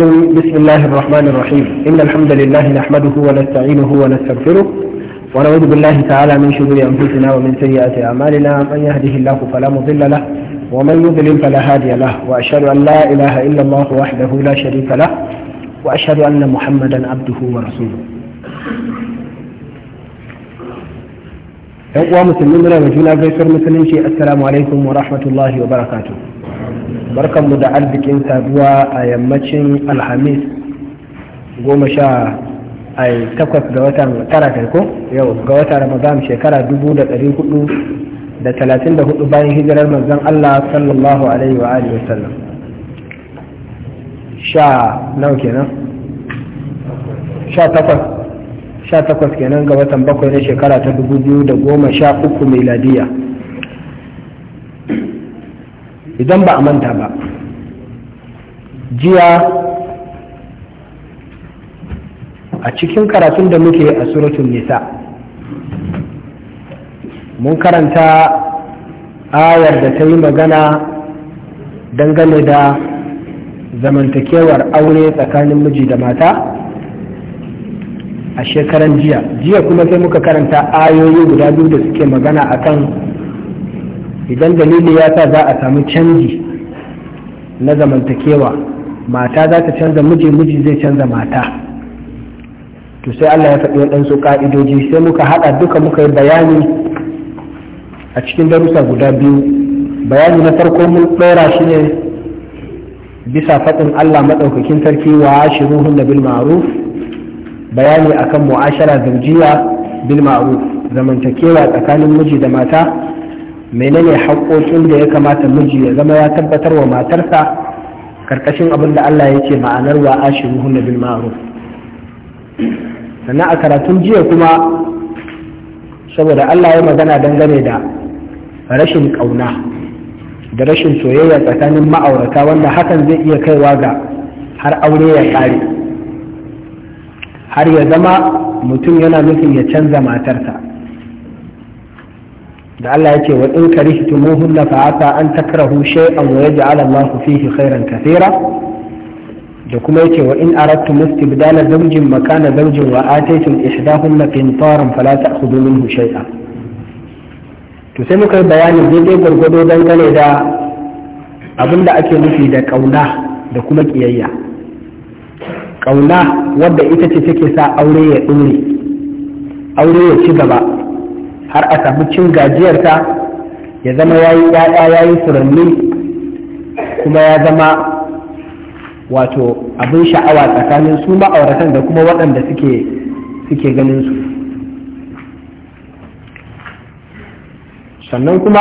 بسم الله الرحمن الرحيم إن الحمد لله نحمده ونستعينه ونستغفره ونعوذ بالله تعالى من شرور أنفسنا ومن سيئات أعمالنا من يهده الله فلا مضل له ومن يضلل فلا هادي له وأشهد أن لا إله إلا الله وحده لا شريك له وأشهد أن محمدا عبده ورسوله ‘Yan uwa من muna السلام عليكم ورحمة الله وبركاته barkanmu da arzikin saduwa a yammacin alhamis goma sha ai takwas ga watan tara kai ko yau ga watan ramadan shekara dubu da ɗari hudu da talatin da hudu bayan hijirar manzon allah sallallahu alaihi wa alihi wasallam sha nawa kenan sha takwas sha takwas kenan ga watan bakwai na shekara ta dubu biyu da goma sha uku miladiyya idan ba a manta ba jiya a cikin karatun da muke a suratun nisa mun karanta ayar da ta yi magana dangane da zamantakewar aure tsakanin miji da mata a shekaran jiya jiya kuma sai muka karanta ayoyi guda biyu da suke magana akan idan dalili ya sa za a samu canji na zamantakewa mata za ta canza miji miji zai canza mata to sai Allah ya faɗi waɗansu ƙa'idoji sai muka haɗa duka muka yi bayani a cikin darussa guda biyu bayani na farko mun ɗora shi ne bisa faɗin Allah maɗaukakin sarki wa shiruhun da bil ma'ruf bayani akan mu'ashara zawjiya bil ma'ruf zamantakewa tsakanin miji da mata menene haƙoƙin da ya kamata miji ya zama ya tabbatar wa matarsa karkashin abin da Allah ya ce ma'anar wa ashiruhu na bil ma'ruf sannan a karatun jiya kuma saboda Allah ya magana dangane da rashin ƙauna da rashin soyayya tsakanin ma'aurata wanda hakan zai iya kaiwa ga har aure ya ƙare har ya zama mutum yana nufin ya canza matarsa da Allah ya ce wa in karihtumuhunna fa asa an takrahu shay'an wa yaj'al Allah fihi khairan kathira da kuma yace wa in aradtum istibdala zawjin makana zawjin wa ataytum ihdahunna qintaran fala ta'khudhu minhu shay'a to sai muka yi bayani daidai gwargwado dangane da abin da ake nufi da kauna da kuma kiyayya kauna wadda ita ce take sa aure ya dore aure ya ci gaba har a samu cin gajiyarta ya zama ya yi ɗaya ya yi furanni kuma ya zama wato abin sha'awa tsakanin su ma'auratan da kuma waɗanda suke suke ganin su sannan kuma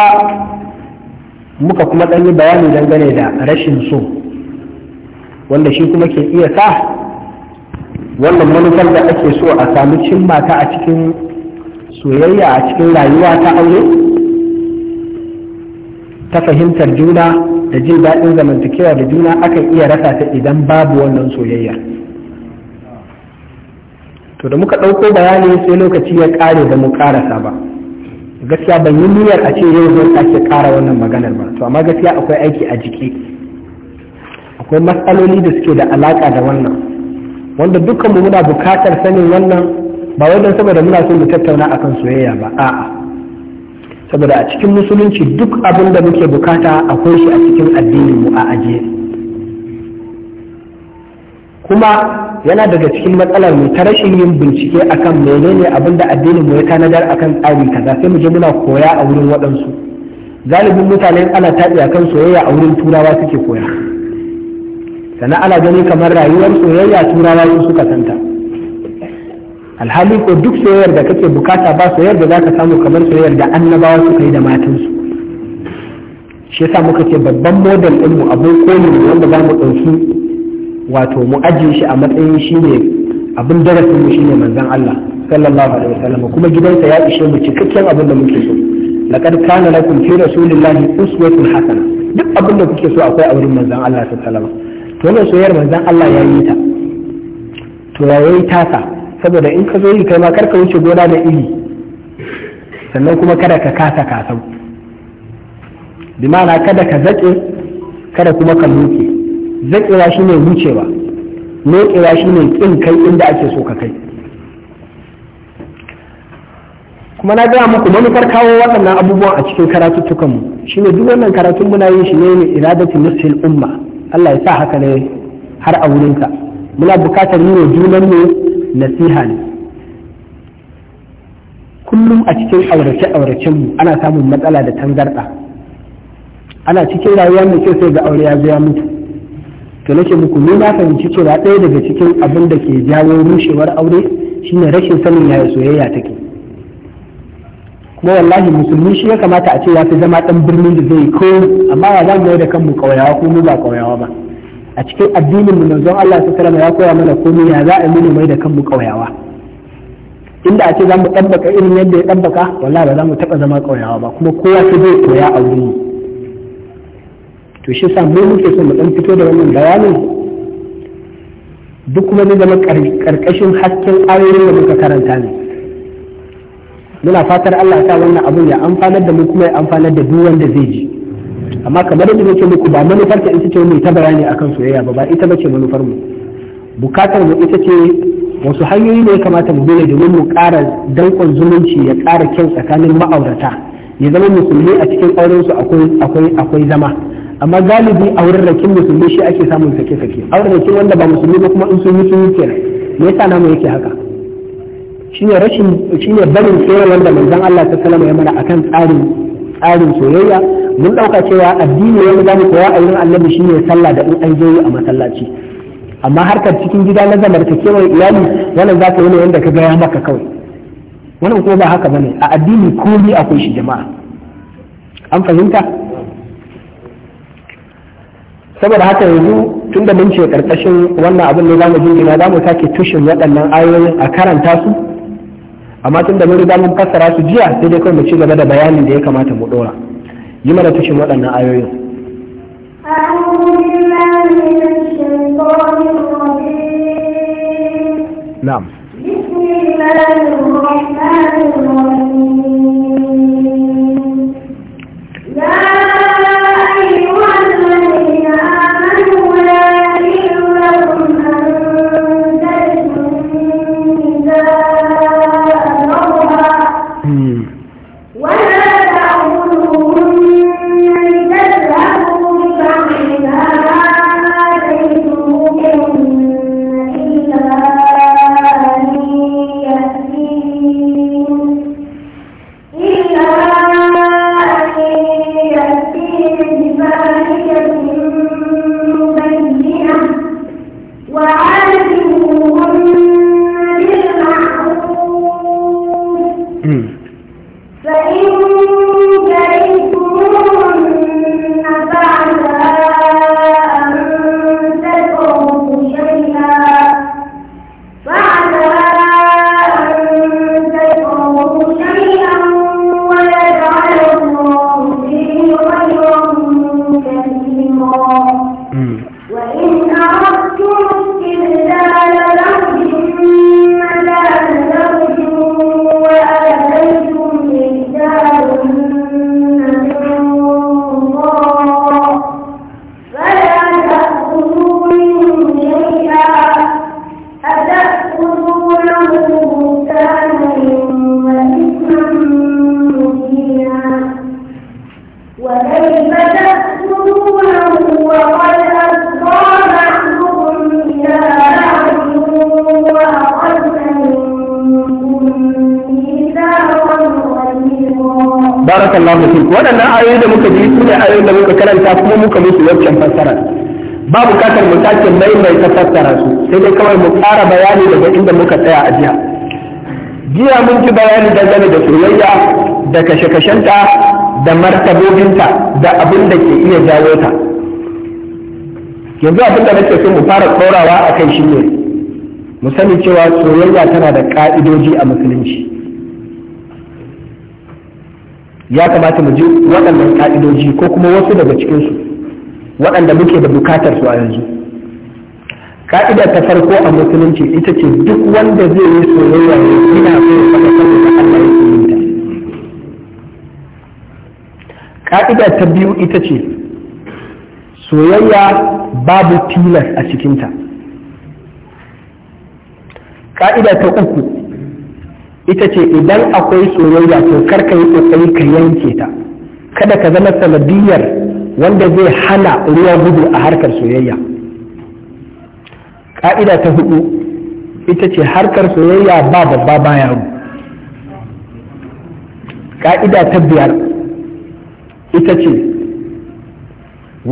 muka kuma ɗan yi bayani dangane da rashin so wanda shi kuma ke iya sa wannan manufar da ake so a sami cin mata a cikin soyayya a cikin rayuwa ta aure ta fahimtar juna da jin daɗin zamantakewa da juna akan iya rasa ta idan babu wannan soyayya to da muka ɗauko bayani sai lokaci ya ƙare da mu ƙarasa ba gaskiya ban yi niyyar a ce yau zai sake ƙara wannan maganar ba to amma gaskiya akwai aiki a jiki akwai matsaloli da suke da alaƙa da wannan wanda dukkanmu muna buƙatar sanin wannan ba wajen saboda muna so mu tattauna akan soyayya ba a'a saboda a cikin musulunci duk abin da muke bukata akwai shi a cikin addinin mu a ajiye kuma yana daga cikin matsalar mu ta rashin yin bincike akan menene abin da addinin mu ya tanadar akan tsari kaza sai mu je muna koya a wurin waɗansu galibin mutane ana taɗi akan soyayya a wurin turawa suke koya sannan ana gani kamar rayuwar soyayya turawa su suka santa alhali ko duk soyayyar da kake bukata ba soyayyar da zaka samu kamar soyayyar da annabawa suka yi da matansu shi yasa muka ce babban model ɗinmu abin koyi ne wanda za mu ɗauki wato mu ajiye shi a matsayin shi ne abin darasin mu shine manzon Allah sallallahu alaihi wasallam kuma gidansa ya ishe mu cikakken abin da muke so laqad kana lakum fi rasulillahi uswatun hasana duk abin da kuke so akwai a wurin manzon Allah sallallahu alaihi wasallam to wannan soyayyar manzon Allah ya yi ta to ya yi tasa saboda in ka zo yi kai ma kar ka wuce gona da iri sannan kuma kada ka kasa kasau bi ma'ana kada ka zaƙe kada kuma ka loke zaƙewa ne wucewa lokewa ne ƙin kai inda ake so ka kai kuma na gaya muku manufar kawo waɗannan abubuwan a cikin karatuttukanmu shi ne duk wannan karatun muna yin shi ne ne iradatu nufin umma Allah ya sa haka ne har a wurinka muna bukatar yi wa junan nasiha ne kullum a cikin aurace mu ana samun matsala da tangarɗa ana cikin rayuwa mai kyau sai ga aure ya zo ya mutu to nake muku ni na fahimci cewa ɗaya daga cikin abin da ke jawo rushewar aure shine rashin sanin yaya soyayya take kuma wallahi musulmi shi ya kamata a ce ya fi zama ɗan birnin da zai ko amma ya za mu da kanmu ƙauyawa ko mu ba ƙauyawa ba a cikin addinin mu manzon Allah sallallahu alaihi ya koya mana komai ya za a yi mai da kanmu kauyawa inda a ce za mu dabbaka irin yadda ya dabbaka wallahi ba za mu taba zama kauyawa ba kuma kowa sai zai koya a wurin to shi sa mu muke so mu dan fito da wannan bayanin duk kuma zai zama ƙarƙashin hasken ayoyin da muka karanta ne muna fatar Allah sa wannan abun ya amfanar da mu kuma ya amfanar da duk wanda zai ji amma kamar yadda nake muku ba manufar ta ita ce mai ta bayani akan soyayya ba ba ita bace manufar mu bukatar mu ita ce wasu hanyoyi ne ya kamata mu dole domin mu ƙara danƙon zumunci ya ƙara kyau tsakanin ma'aurata ya zama musulmi a cikin auren su akwai akwai zama amma galibi auren rakin musulmi shi ake samun sake sake auren rakin wanda ba musulmi ba kuma in sun yi sun yi kenan me yasa namu yake haka shine rashin shine barin tsere wanda manzon Allah ta sallama ya mana akan tsarin tsarin soyayya mun ɗauka cewa addini wanda zamu koya a wurin annabi ne sallah da in an je a masallaci amma harkar cikin gida na zamar zamantakewar iyali wannan za ka yi ne wanda ka gaya maka kawai wannan ko ba haka bane a addini komai akwai shi jama'a an fahimta saboda haka yanzu tun da mun ce karkashin wannan abin ne za mu jingina za mu sake tushen waɗannan ayoyin a karanta su amma tun da mun riga mun fassara su jiya sai dai kawai mu ci gaba da bayanin da ya kamata mu dora yi mana tushen waɗannan ayoyin Na'am. بسم ta fassara su sai dai kawai mu ƙara bayani daga inda muka tsaya a jiya jiya mun ji bayani dangane da soyayya da kashe-kashenta da martabobinta da abin da ke iya jawo ta yanzu abin da nake so mu fara tsorawa a kai shine mu sani cewa soyayya tana da ƙa'idoji a musulunci ya kamata mu ji waɗannan ƙa'idoji ko kuma wasu daga cikinsu waɗanda muke da bukatar su a yanzu ka'ida ta farko a musulunci ita ce duk wanda zai yi soyayya ne ina so faɗa saboda Allah ya yi ka'ida ta biyu ita ce soyayya babu tilas a cikinta ka'ida ta uku ita ce idan akwai soyayya to ka yi kokari ka yanke ta kada ka zama sanadiyar wanda zai hana ruwa gudu a harkar soyayya ka'ida ta hudu ita ce harkar soyayya ba babba ba yaro ka'ida ta biyar ita ce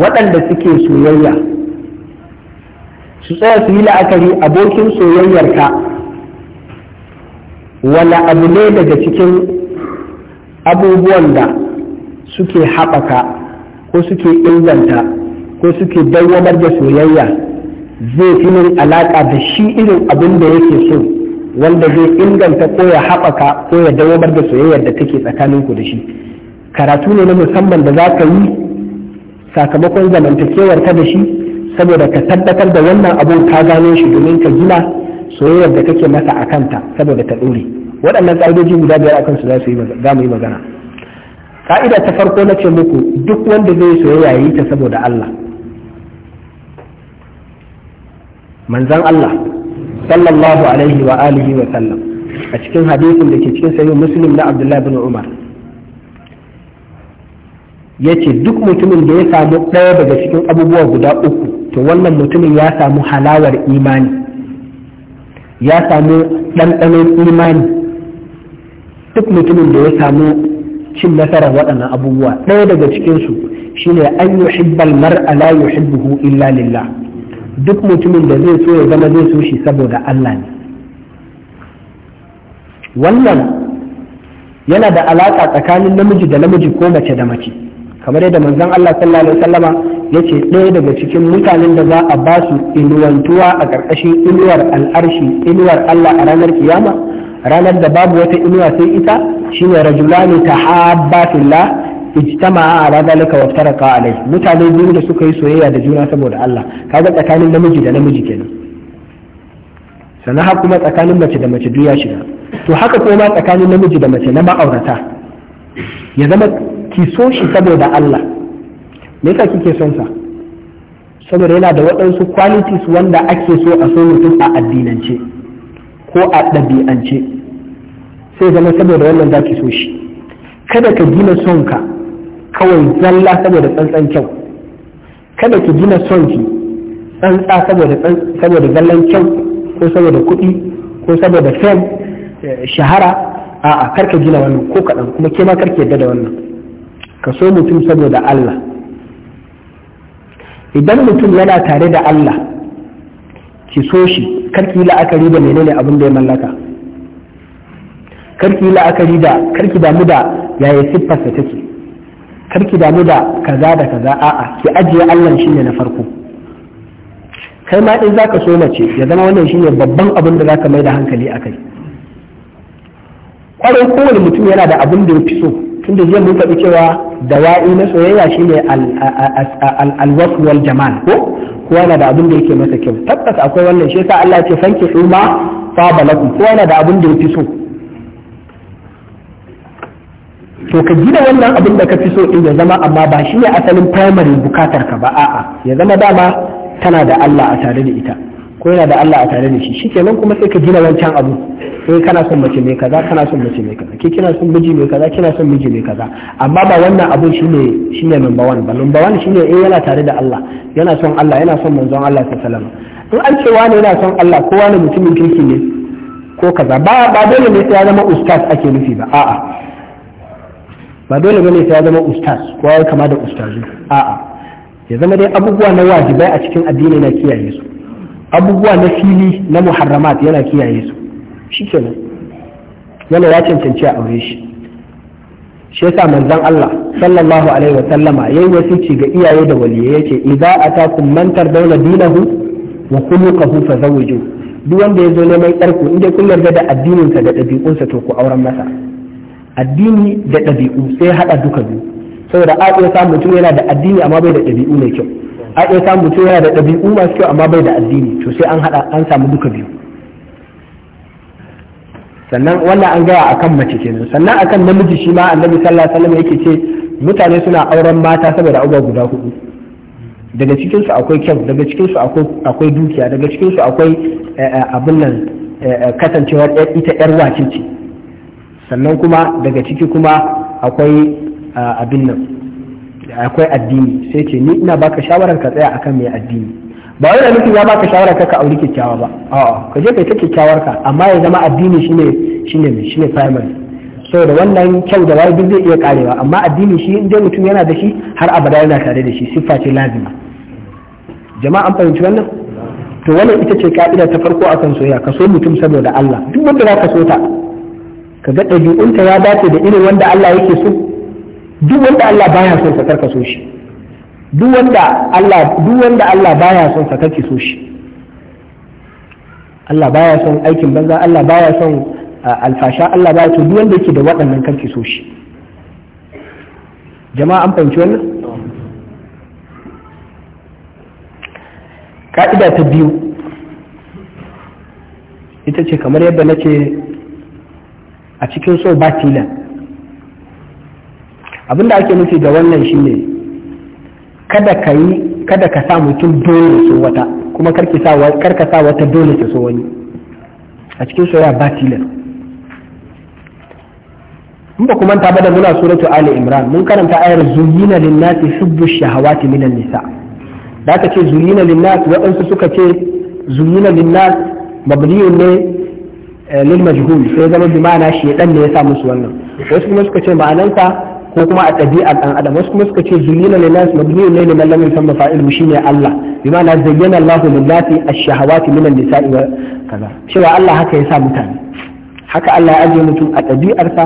waɗanda suke soyayya su tsaya su yi la'akari abokin soyayyarka wala abu ne daga cikin abubuwan da suke haɓaka ko suke inganta ko suke dawamar da soyayya zai fi min alaƙa da shi irin abin da yake so wanda zai inganta ko ya haɓaka ko ya dawamar da soyayyar da take tsakanin ku da shi karatu ne na musamman da za ka yi sakamakon zamantakewar ka da shi saboda ka tabbatar da wannan abun ka gano shi domin ka gina soyayyar da kake masa a kanta saboda ta ɗore waɗannan ƙa'idoji guda biyar akan su za mu yi magana ƙa'ida ta farko na ce muku duk wanda zai soyayya yi ta saboda Allah manzan Allah sallallahu alaihi wa alihi wa sallam a cikin hadisin da ke cikin sayin muslim na abdullahi bin umar ya ce duk mutumin da ya samu ɗaya daga cikin abubuwa guda uku to wannan mutumin ya samu halawar imani ya samu ɗanɗanon imani duk mutumin da ya samu cin nasarar waɗannan abubuwa ɗaya daga cikinsu shine an yuhibbal mar'a la yuhibbuhu illa lillah duk mutumin da zai so ya zama zai so shi saboda Allah ne wannan yana da alaƙa tsakanin namiji da namiji ko mace da mace kamar yadda manzon Allah sallallahu alaihi wasallama yace ɗaya daga cikin mutanen da za a ba su inuwantuwa a ƙarƙashin inuwar al'arshi inuwar Allah a ranar kiyama ranar da babu wata inuwa sai ita shine rajulani tahabba fillah ijtama ala dalika wa taraka alai mutane biyu da suka yi soyayya da juna saboda Allah kaga tsakanin namiji da namiji kenan sannan haka kuma tsakanin mace da mace duk ya shiga to haka kuma tsakanin namiji da mace na ma'aurata ya zama ki so shi saboda Allah me yasa kike son sa saboda yana da waɗansu qualities wanda ake so a so mutum a addinance ko a ɗabi'ance sai zama saboda wannan za ki so shi kada ka gina son ka kawai zalla saboda tsantsan kyau kada ki gina son ki tsantsa saboda zallan kyau ko saboda kuɗi ko saboda fam eh, shahara a'a karka gina wannan ko kaɗan kuma ke ma karka yadda da wannan ka so mutum saboda Allah idan mutum yana tare da Allah ki so shi karki yi la'akari da menene abin da ya mallaka karki yi la'akari da karki damu da yaya siffarsa take karki damu da kaza da kaza a'a ki ajiye Allah shine na farko kai ma in zaka so mace ya zama wannan shine babban abin da zaka mai da hankali akai kwarai kowane mutum yana da abin da ya fi so tunda zai mun faɗi cewa dawa'i na soyayya shine alwasu wal jamal ko kowa yana da abin da yake masa kyau tabbas akwai wannan shi yasa Allah ya ce fanki ma fa balakum kowa yana da abin da ya fi so to ka gina wannan abin da ka fi so din ya zama amma ba shi ne asalin primary bukatar ka ba a'a ya zama dama tana da Allah a tare da ita ko yana da Allah a tare da shi shikenan kuma sai ka gina wancan abu sai eh, kana son mace mai kaza kana son mace mai kaza ke kina son miji mai kaza kina son miji mai kaza amma ba wannan abun shine shine number 1 ba number 1 shine eh yana tare da Allah yana son Allah yana son manzon Allah sallallahu alaihi wasallam in an ce wani yana son Allah ko wani mutumin kirki ne ko kaza ba ba dole ne sai ya zama ustaz ake nufi ba a'a ba dole bane sai ya zama ustaz ko ya kama da ustazu a'a ya zama dai abubuwa na wajibai a cikin addini na kiyaye su abubuwa na fili na muharramat yana kiyaye su shikenan yana ya cancanci a aure shi shi yasa manzon Allah sallallahu alaihi wa sallama yayi wasici ga iyaye da waliyai yace idza atakum man tardawna dinahu wa khuluquhu fazawwiju duk wanda ya zo neman yarku inda kun yarda da addininsa da ɗabi'unsa to ku auren masa addini da ɗabi'u sai haɗa duka biyu saboda a iya samun mutum yana da addini amma bai da ɗabi'u mai kyau a iya samun mutum yana da ɗabi'u masu kyau amma bai da addini to sai an haɗa an samu duka biyu sannan wannan an gaya akan mace kenan sannan akan namiji shi ma annabi sallallahu alaihi wasallam yake ce mutane suna auren mata saboda abubuwa guda hudu daga cikin su akwai kyau daga cikin su akwai dukiya daga cikin su akwai eh, eh, abin nan eh, kasancewar ita yar wace ce sannan kuma daga ciki kuma akwai abin nan akwai addini sai ce ni ina baka shawarar ka tsaya akan mai addini ba wai nufin ya baka shawarar ka ka auri kyakkyawa ba a ka je kai ta kyakkyawar ka amma ya zama addini shine shine shine primary so da wannan kyau da wani duk zai iya karewa amma addini shi in mutum yana da shi har abada yana tare da shi siffa ce lazima jama'a an fahimci wannan to wannan ita ce ka'ida ta farko akan soyayya ka so mutum saboda Allah duk wanda zaka so ta Ka ga ɗabi'unta ya dace da irin wanda Allah yake so duk wanda Allah baya son sa karka so shi duk wanda Allah duk wanda Allah baya son sa kake so shi Allah baya son aikin banza Allah baya son alfasha Allah baya son duk wanda yake da waɗannan kake so shi jama'a an fahimci wannan ka'ida ta biyu ita ce kamar yadda na ce a cikin so ba tilan abinda ake nufi da wannan shine kada ka yi kada ka sa mutum dole so wata kuma karka sa wata dole ta so wani a cikin ya ba tilan in ba kuma ta bada muna suratu ali imran mun karanta ayar zuyina lin-nasi hubbu shahawati minan nisa da ka ce zuyina linnasi waɗansu suka ce zuyina linnasi nas mabniyun ne Eh, lil majhul sai zama bi ma'ana shedan ne ya sa musu wannan wasu kuma suka ce ma'anansa ko kuma a ɗabi'ar ɗan adam wasu kuma suka ce zulina lil nas mabniyun lil man lam yusamma fa'iluhu shine Allah bima'ana ma'ana zayyana Allahu lil nasi ash-shahawati min an-nisa'i wa kaza cewa Allah haka ya sa mutane haka Allah ya ajiye mutum a ɗabi'arsa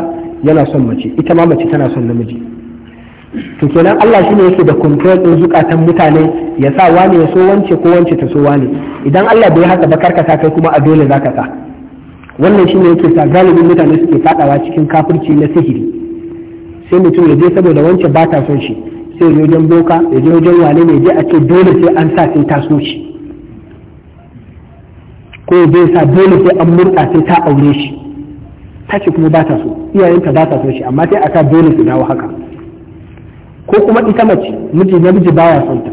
yana son mace ita ma mace tana son namiji to kenan Allah shine yake da control din zukatan mutane ya sa wani ya so wance ko wance ta so wani idan Allah bai haka ba ta kai kuma a dole zaka sa wannan shi ne yake sa galibin mutane suke fadawa cikin kafirci na sihiri sai mutum ya je saboda wancan ba ta son shi sai ya wajen boka ya je wajen wane ne je a ce dole sai an sa sai ta so shi ko ya je sa dole sai an murta sai ta aure shi ta ce kuma ba ta so iyayenta ba ta so shi amma sai a sa dole su dawo haka ko kuma ita mace miji namiji baya son ta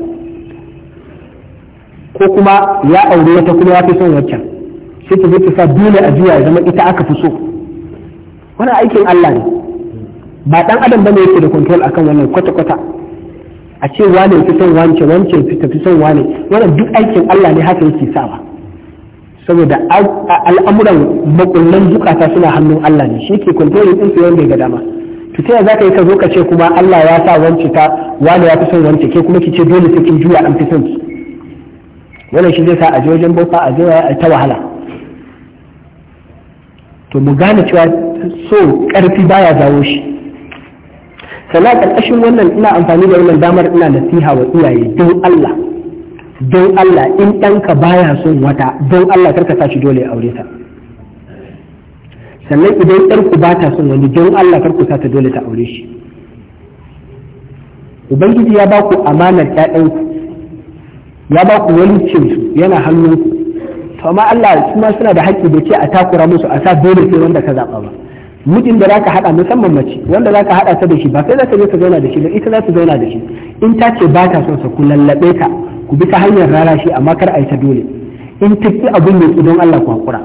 ko kuma ya aure wata kuma ya fi son waccan sai ta zai sa dole a juya ya zama ita aka fi so wani aikin Allah ne ba dan adam bane yake da control akan wannan kwata kwata a ce wane fi son wance wance fi tafi son wane wannan duk aikin Allah ne haka yake sawa saboda al'amuran makullan zukata suna hannun Allah ne shi ke control din su yanda ga dama to ta za ka yi ka zo ka ce kuma Allah ya sa wance ta wane ya fi son wance ke kuma ki ce dole sai kin juya an fi son wannan shi zai sa a je wajen bauta a je ta wahala to mu gane cewa so ƙarfi baya zawo shi sannan a ƙarƙashin wannan ina amfani da wannan damar ina nasiha wa iyaye don Allah don Allah in ɗanka baya son wata don Allah karka sa shi dole ya aure ta sannan idan ku ba ta son wani don Allah karku sa ta dole ta aure shi ubangiji ya ba ku amanar ɗaɗanku ya ba ku wani cinsu yana hannunku to amma Allah ma suna da haƙƙi da ce a takura musu a sa dole sai wanda ka zaɓa ba mijin da zaka haɗa musamman mace wanda zaka haɗa ta da shi ba sai zaka je ka zauna da shi ba ita za ta zauna da shi in ta ce ba ta son sa ku lallaɓe ta ku bi ta hanyar rara shi amma kar a yi ta dole in ta ki abin mai don Allah ku haƙura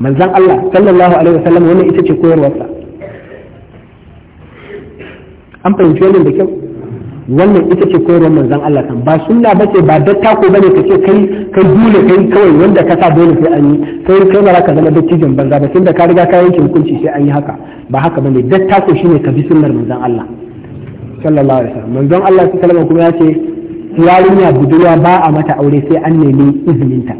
manzon Allah sallallahu alaihi wa sallam wannan ita ce koyarwarsa an fahimci wannan da kyau wannan ita ce koyarwar manzon Allah kan ba sunna ce ba dattako bane kace kai kai dole kai kawai wanda ka sa dole sai an yi kai kai ba ka zama dattijin banza ba tunda ka riga ka yanke hukunci sai an yi haka ba haka bane dattako shine ka bi sunnar manzon Allah sallallahu alaihi wasallam manzon Allah sallallahu alaihi kuma yace yarinya budurwa ba a mata aure sai an nemi izinin ta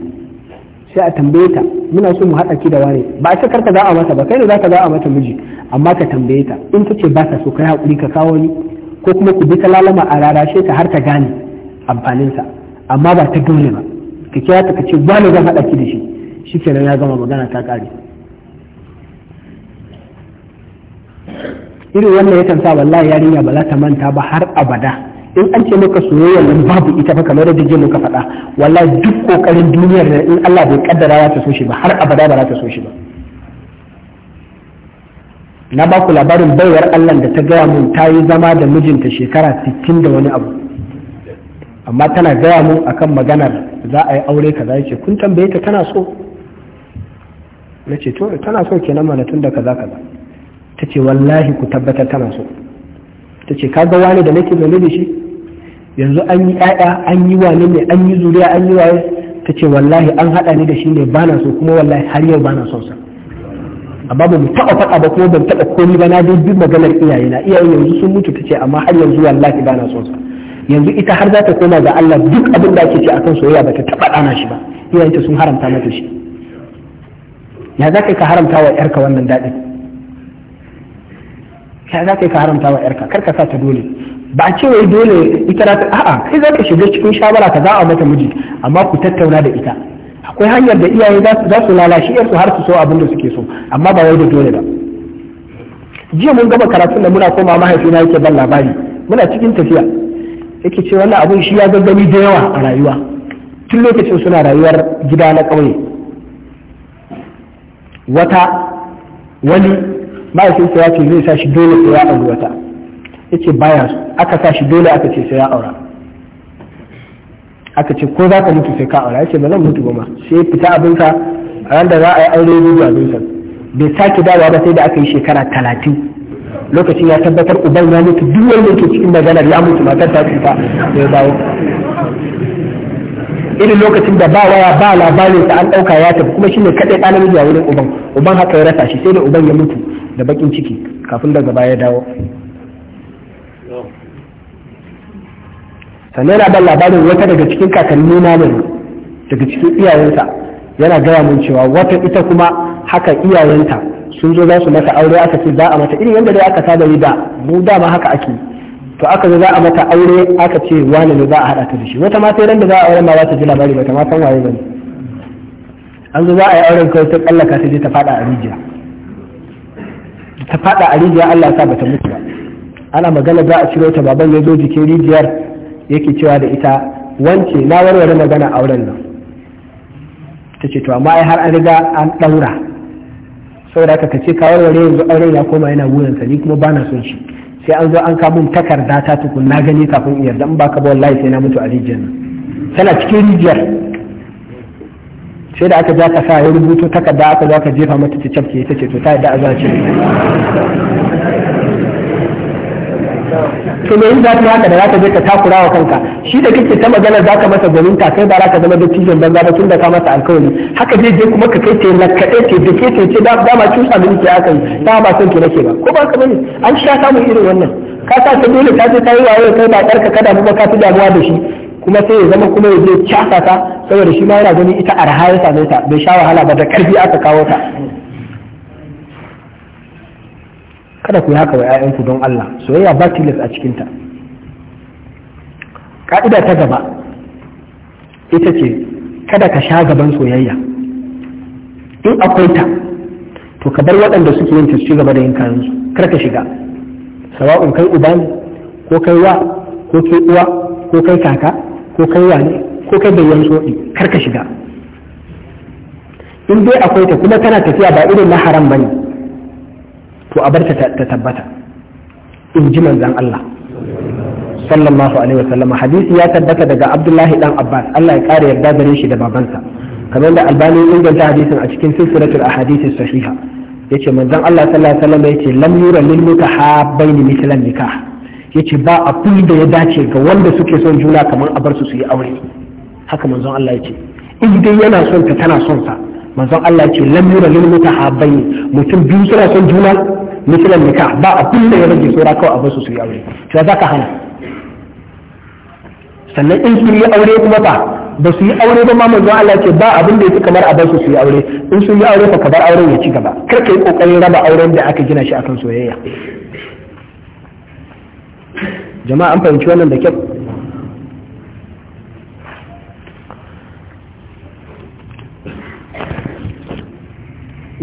sai a tambaye ta muna so mu haɗa ki da wani ba a ce karka za a mata ba kai ne za ka za a mata miji amma ka tambaye ta in ta ce ba ta so kai haƙuri ka kawo ni ko kuma ku bi ta lalama a rarashe ta har ta gane amfaninsa amma ba ta dole ba ka kira ta ka ce wani zan haɗa ki da shi shi kenan ya gama magana ta ƙare irin wannan ya sa wallahi yarinya ba za ta manta ba har abada in an ce maka soyayya nan babu ita ba kamar da jin ka faɗa wallahi duk kokarin duniyar in Allah bai kaddara za ta so shi ba har abada ba za ta so shi ba na ba ku labarin baiwar Allah da ta gaya mun ta yi zama da mijinta shekara 60 da wani abu amma tana gaya mun akan maganar za a yi aure kaza yace kun tambaye ta tana so na ce to tana so kenan mana tun da kaza kaza ta ce wallahi ku tabbatar tana so ta ce kaga wani da nake zaune da shi yanzu an yi ƴaƴa an yi wani ne an yi zuriya an yi waye ta ce wallahi an haɗa ni da shi ne bana so kuma wallahi har yau bana son sa amma ba mu taɓa faɗa ba kuma ban taɓa komi ba na duk maganar iyaye na iyaye yanzu sun mutu ta ce, amma har yanzu wallahi ba na son sa yanzu ita har za ta koma ga Allah duk abin da ake ce akan soyayya ba ta taɓa ɗana shi ba iyayenta sun haramta mata shi ya za ka haramta wa ƴarka wannan daɗin ya za ka haramta wa ƴarka kar ka sa ta dole ba a ce wai dole ita za ta a'a kai za ka shiga cikin shawara ka za a mata miji amma ku tattauna da ita akwai hanyar da iyaye za su lalashi yarsu har su so abin da suke so amma ba wai da dole ba jiya mun gama karatun da muna koma mahaifina yake ban labari muna cikin tafiya yake ce wannan abun shi ya gaggami da yawa a rayuwa tun lokacin suna rayuwar gida na ƙauye wata wani mahaifinsa ya ce zai sa shi dole sai ya auri wata yace baya aka sa shi dole aka ce sai ya aura aka ce ko za ka mutu sai ka aura yace ba zan mutu ba ma sai fita abinka a ran da za a yi aure ne abinsa bai sake dawa ba sai da aka yi shekara talatin lokacin ya tabbatar uban ya mutu duk wanda yake cikin maganar ya mutu matar ta cuta ya dawo irin lokacin da ba waya ba labarin sa an ɗauka ya tafi kuma shine kadai ɗan namiji a wurin uban uban haka ya rasa shi sai da uban ya mutu da bakin ciki kafin daga baya ya dawo sannan yana ban labarin wata daga cikin kakanni na ne daga cikin iyayensa yana gaya mun cewa wata ita kuma haka iyayenta sun zo za su mata aure aka ce za a mata irin yadda dai aka saba yi da mu dama haka ake to aka zo za a mata aure aka ce wani ne za a haɗa ta da shi wata ma sai ran da za a aure ma za ta ji labari ba ta ma san waye bane an zo za a yi auren kawai ta tsallaka ta je ta faɗa a rijiya ta faɗa a rijiya Allah ya sa bata mutu ba ana magana za a ciro ta baban ya zo jikin rijiyar yake cewa da ita wance na warware magana auren nan ta ce to amma ai har an riga an ɗaura saboda haka ka ce ka warware yanzu auren ya koma yana wuyan ni kuma bana son shi sai an zo an kamun takarda ta tukun na gani kafin in yarda in ka ba wallahi sai na mutu a rijiyar nan tana cikin rijiyar sai da aka ja ka sa ya rubuto takarda aka zo aka jefa mata ta cafke ta ce to ta yadda a za ce to me yin zaka haka da zaka je ka takura wa kanka shi da kike ta magana zaka masa ta kai ba ka zama dattijon banza ba da ka masa alkawari haka zai je kuma ka kai ce lakkaɗe ce da ke ce da dama cusa da ke aka yi ta ba son ki nake ba ko ba ka bane an sha samun irin wannan ka sa ta dole ta ce ta yi wayo kai ba karka kada mu ba ka fi damuwa da shi kuma sai ya zama kuma ya je casa ta saboda shi ma yana gani ita arha ya same ta bai sha wahala ba da karfi aka kawo ta kada ku yi haka wa 'ya'yanku don Allah soyayya ba tilas a cikinta ka'ida ta gaba ita ce kada ka sha gaban soyayya in akwai ta to ka bar waɗanda suke yin su gaba da yin kayansu kar ka shiga sawa'un kai uba ne ko kai wa ko ke uwa ko kai kaka ko kai ne ko kai bayyan soɗi kar ka shiga in dai akwai ta kuma tana tafiya ba irin na haram ne. to a bar ta tabbata in ji manzan Allah sallallahu alaihi wasallam hadisi ya tabbata daga Abdullahi dan Abbas Allah ya kare yarda gare shi da babansa kamar da Albani ya inganta hadisin a cikin silsilatul ahadith sahiha yace manzan Allah sallallahu alaihi wasallam yace lam yura lil mutahabbaini mithlan nikah yace ba abin da ya dace ga wanda suke son juna kamar a bar su su yi aure haka manzon Allah yace in dai yana son ta tana son sa manzon Allah ce lamura lil mutahabbai mutum biyu suna son juna misalan nika ba abin da ya rage saura kawai a basu su yi aure to za ka hana sannan in sun yi aure kuma ba ba su yi aure ba ma manzon Allah ce ba abin da yake kamar a basu su yi aure in sun yi aure fa ka bar auren ya ci gaba kar ka yi kokarin raba auren da aka gina shi akan soyayya jama'a fahimci wannan da kyau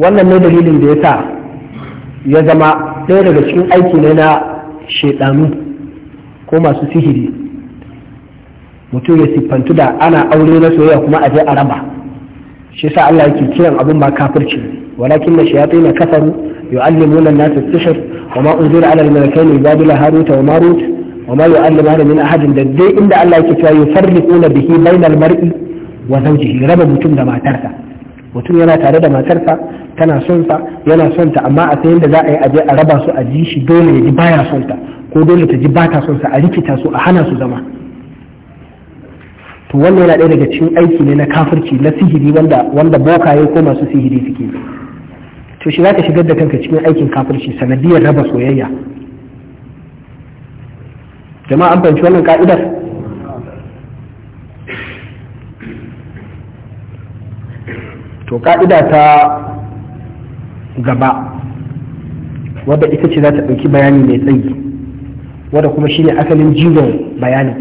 wannan ne dalilin da ya sa ya zama ɗaya daga cikin aiki ne na shaidanu ko masu sihiri mutum ya siffantu da ana aure na soyayya kuma a je a raba shi sa Allah yake kiran abin ba kafirci walakin na shayatai na kafaru yu'allimuna an-nasa as-sihr wa ma unzila 'ala al-malakaini babila harut wa marut wa ma yu'allimuna min ahadin da dai inda Allah yake cewa yufarriquna bihi bainal mar'i wa zawjihi raba mutum da matarsa mutum yana tare da matarsa tana son sa yana son ta amma a sayan da za a yi aje a raba su a ji shi dole ya ji baya son ta ko dole ta ji ba ta son sa a rikita su a hana su zama to wannan yana ɗaya daga cikin aiki ne na kafirci na sihiri wanda wanda bokaye ko masu sihiri suke to shi zaka shigar da kanka cikin aikin kafirci sanadiyar raba soyayya jama'a an fahimci wannan ka'idar to ka'ida ta gaba wadda ita ce za ta ɗauki bayani mai tsayi wadda kuma shine asalin jigon bayani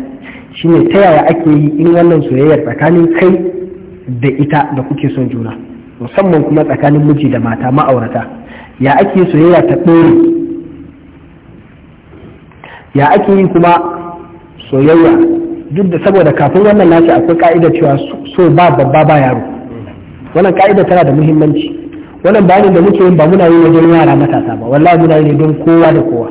shine ta yaya ake yi in wannan soyayyar tsakanin kai da ita da kuke son juna musamman kuma tsakanin miji da mata ma'aurata ya ake soyayya ta ɗore ya ake yi kuma soyayya duk da saboda kafin wannan nashi akwai ka'idar cewa so ba babba ba yaro wannan ka'ida tana da muhimmanci wannan bayanin da muke yin ba muna yi wajen yara matasa ba wallahi muna yi ne don kowa da kowa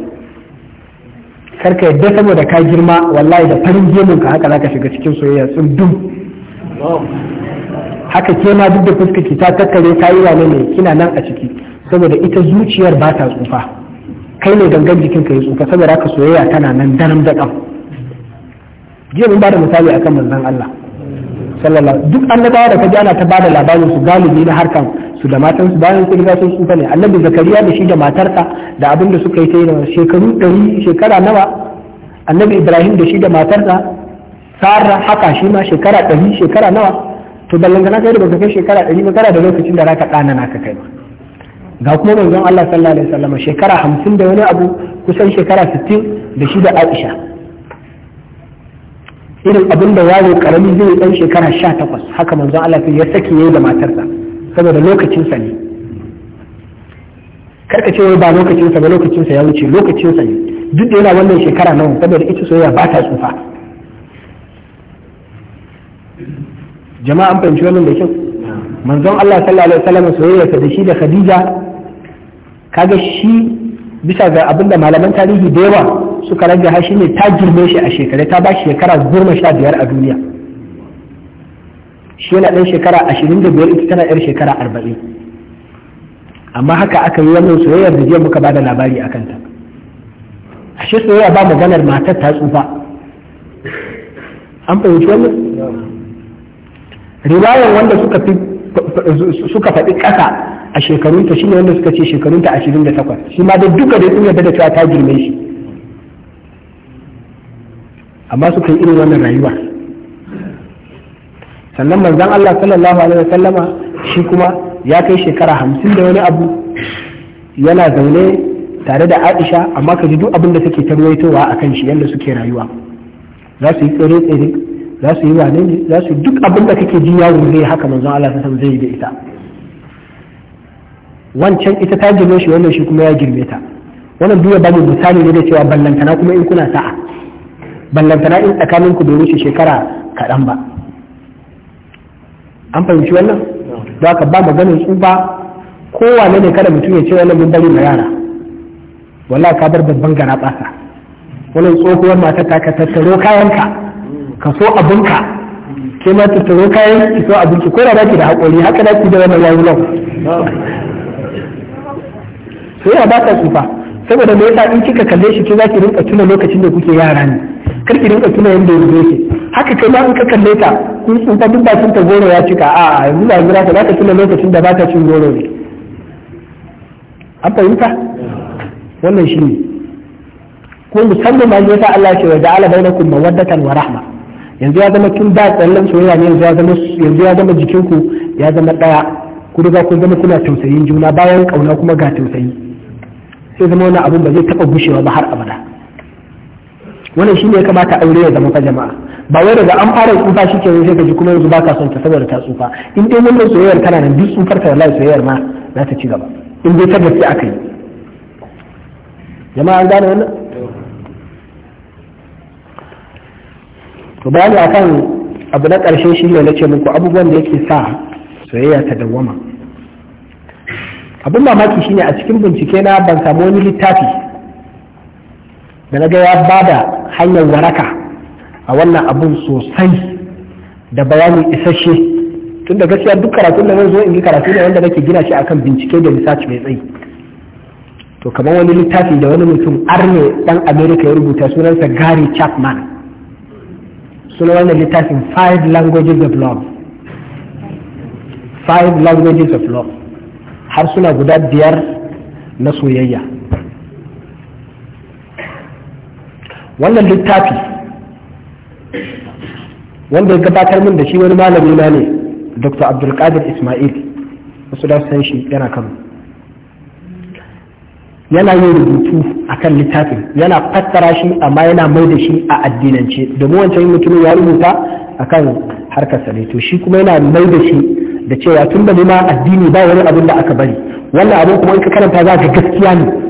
karka yadda saboda ka girma wallahi da farin gemun ka haka zaka shiga cikin soyayya tsundum haka ke ma duk da ki ta tattare ta yi wane ne kina nan a ciki saboda ita zuciyar ba ta tsufa kai ne gangan jikin ka yi tsufa saboda haka soyayya tana nan daram da kam jiya mun bada misali akan manzon Allah sallallahu duk annabawa da kaji ana ta bada labarin su galibi na harkan su da su bayan sun riga sun tsufa ne annabi zakariya da shi da matarsa da abin da suka yi ta yi shekaru ɗari shekara nawa annabi ibrahim da shi da matarsa sarra haka shi ma shekara ɗari shekara nawa to ballangana kai da baka kai shekara ɗari ba kana da lokacin da raka ɗana naka kai ba ga kuma manzon Allah sallallahu alaihi wasallam shekara hamsin da wani abu kusan shekara sittin da shi da Aisha irin abin da yaro karami zai dan shekara sha takwas haka manzon Allah ya saki yayi da matarsa saboda lokacinsa ne karka ce wai ba lokacinsa ba lokacinsa ya wuce lokacinsa ne duk da yana wannan shekara nawa saboda ita soyayya ba ta tsufa jama'a an fahimci wannan da kyau manzon Allah sallallahu alaihi wasallam soyayya da shi da Khadija kaga shi bisa ga abin da malaman tarihi da yawa suka rage shi ne ta girme shi a shekara ta ba shi shekara goma sha biyar a duniya shi yana ɗan shekara ashirin da biyar ita tana yar shekara arba'in amma haka aka yi wannan soyayyar da jiya muka bada labari a kanta ashe soyayya ba maganar matar ta tsufa an fahimci wannan riwayar wanda suka fi suka faɗi ƙasa a shekarunta shine wanda suka ce shekarunta ashirin da takwas shi ma da duka da sun da cewa ta girme shi amma suka yi irin wannan rayuwar sannan manzan Allah sallallahu alaihi wa sallama shi kuma ya kai shekara hamsin da wani abu yana zaune tare da Aisha amma ka ji duk abin da take tarwaitowa a kan shi yadda suke rayuwa za su yi tsere tsere za su yi wane ne za su duk abin da kake ji yawo zai haka manzon Allah sallallahu alaihi zai yi da ita wancan ita ta girme shi wannan shi kuma ya girme ta wannan duk ya bani misali ne da cewa ballantana kuma in kuna sa'a ballantana in tsakaninku bai wuce shekara kaɗan ba an fahimci wannan Da aka ba maganin tsufa kowane ne kada mutum ya ce wannan mun bari na yara wala ka bar babban gara tsaka wani tsohuwar mata ta ka tattaro kayanka ka so abinka ke ma tattaro kayan ki so abinki ko da ki da haƙori haka da ki da wannan yayi lau sai ya ba ka tsufa saboda me yasa in kika kalle shi ki za ki rinka tuna lokacin da kuke yara ne kar ki dinga tuna yanda yake yake haka kai ma in ka kalle ta kun sun fa duk bakin ta goro ya cika a yanzu ba jira ka za ka tuna lokacin da ba ka cin goro ne an fahimta wannan shi ne ko musamman ma yasa sa Allah ce wa ja'ala bainakum mawaddatan wa rahma yanzu ya zama tun da tsallan soyayya ne yanzu ya zama yanzu ya zama jikinku ya zama daya ku riga kun zama kuna tausayin juna bayan kauna kuma ga tausayi sai zama wani abin ba zai taba gushewa ba har abada wannan shi ne ya kamata aure ya zama fa jama'a ba wai daga an fara tsufa shi ke sai ka ji kuma yanzu baka son ta saboda ta tsufa in dai wannan soyayyar kana nan duk tsufar ta wallahi soyayyar ma za ta ci gaba in dai ta gaske aka yi jama'a an gane wannan to bayani akan abu na karshe shi ne nace muku abubuwan da yake sa soyayya ta dawwama abin mamaki shine a cikin bincike na ban samu wani littafi da na ga ya bada hanyar waraka a wannan abun sosai da bayani isasshe tun da gaskiya duk karatun da zan zo in yi karatu ne wanda nake gina shi akan bincike da research mai tsayi to kamar wani littafi da wani mutum arne dan america ya rubuta sunansa gary chapman suna wannan littafin five languages of love five languages of love har suna guda biyar na soyayya wannan littafi wanda ya gabatar min da shi wani malami na ne dr abdulkadir ismail wasu da san shi yana kano yana yin rubutu a kan littafin yana fassara shi amma yana mai da shi a addinance domin wancan mutumin ya rubuta a kan harkarsa ne to shi kuma yana mai da shi da cewa tun da ma addini ba wani abin da aka bari wannan abin kuma in ka karanta za ka gaskiya ne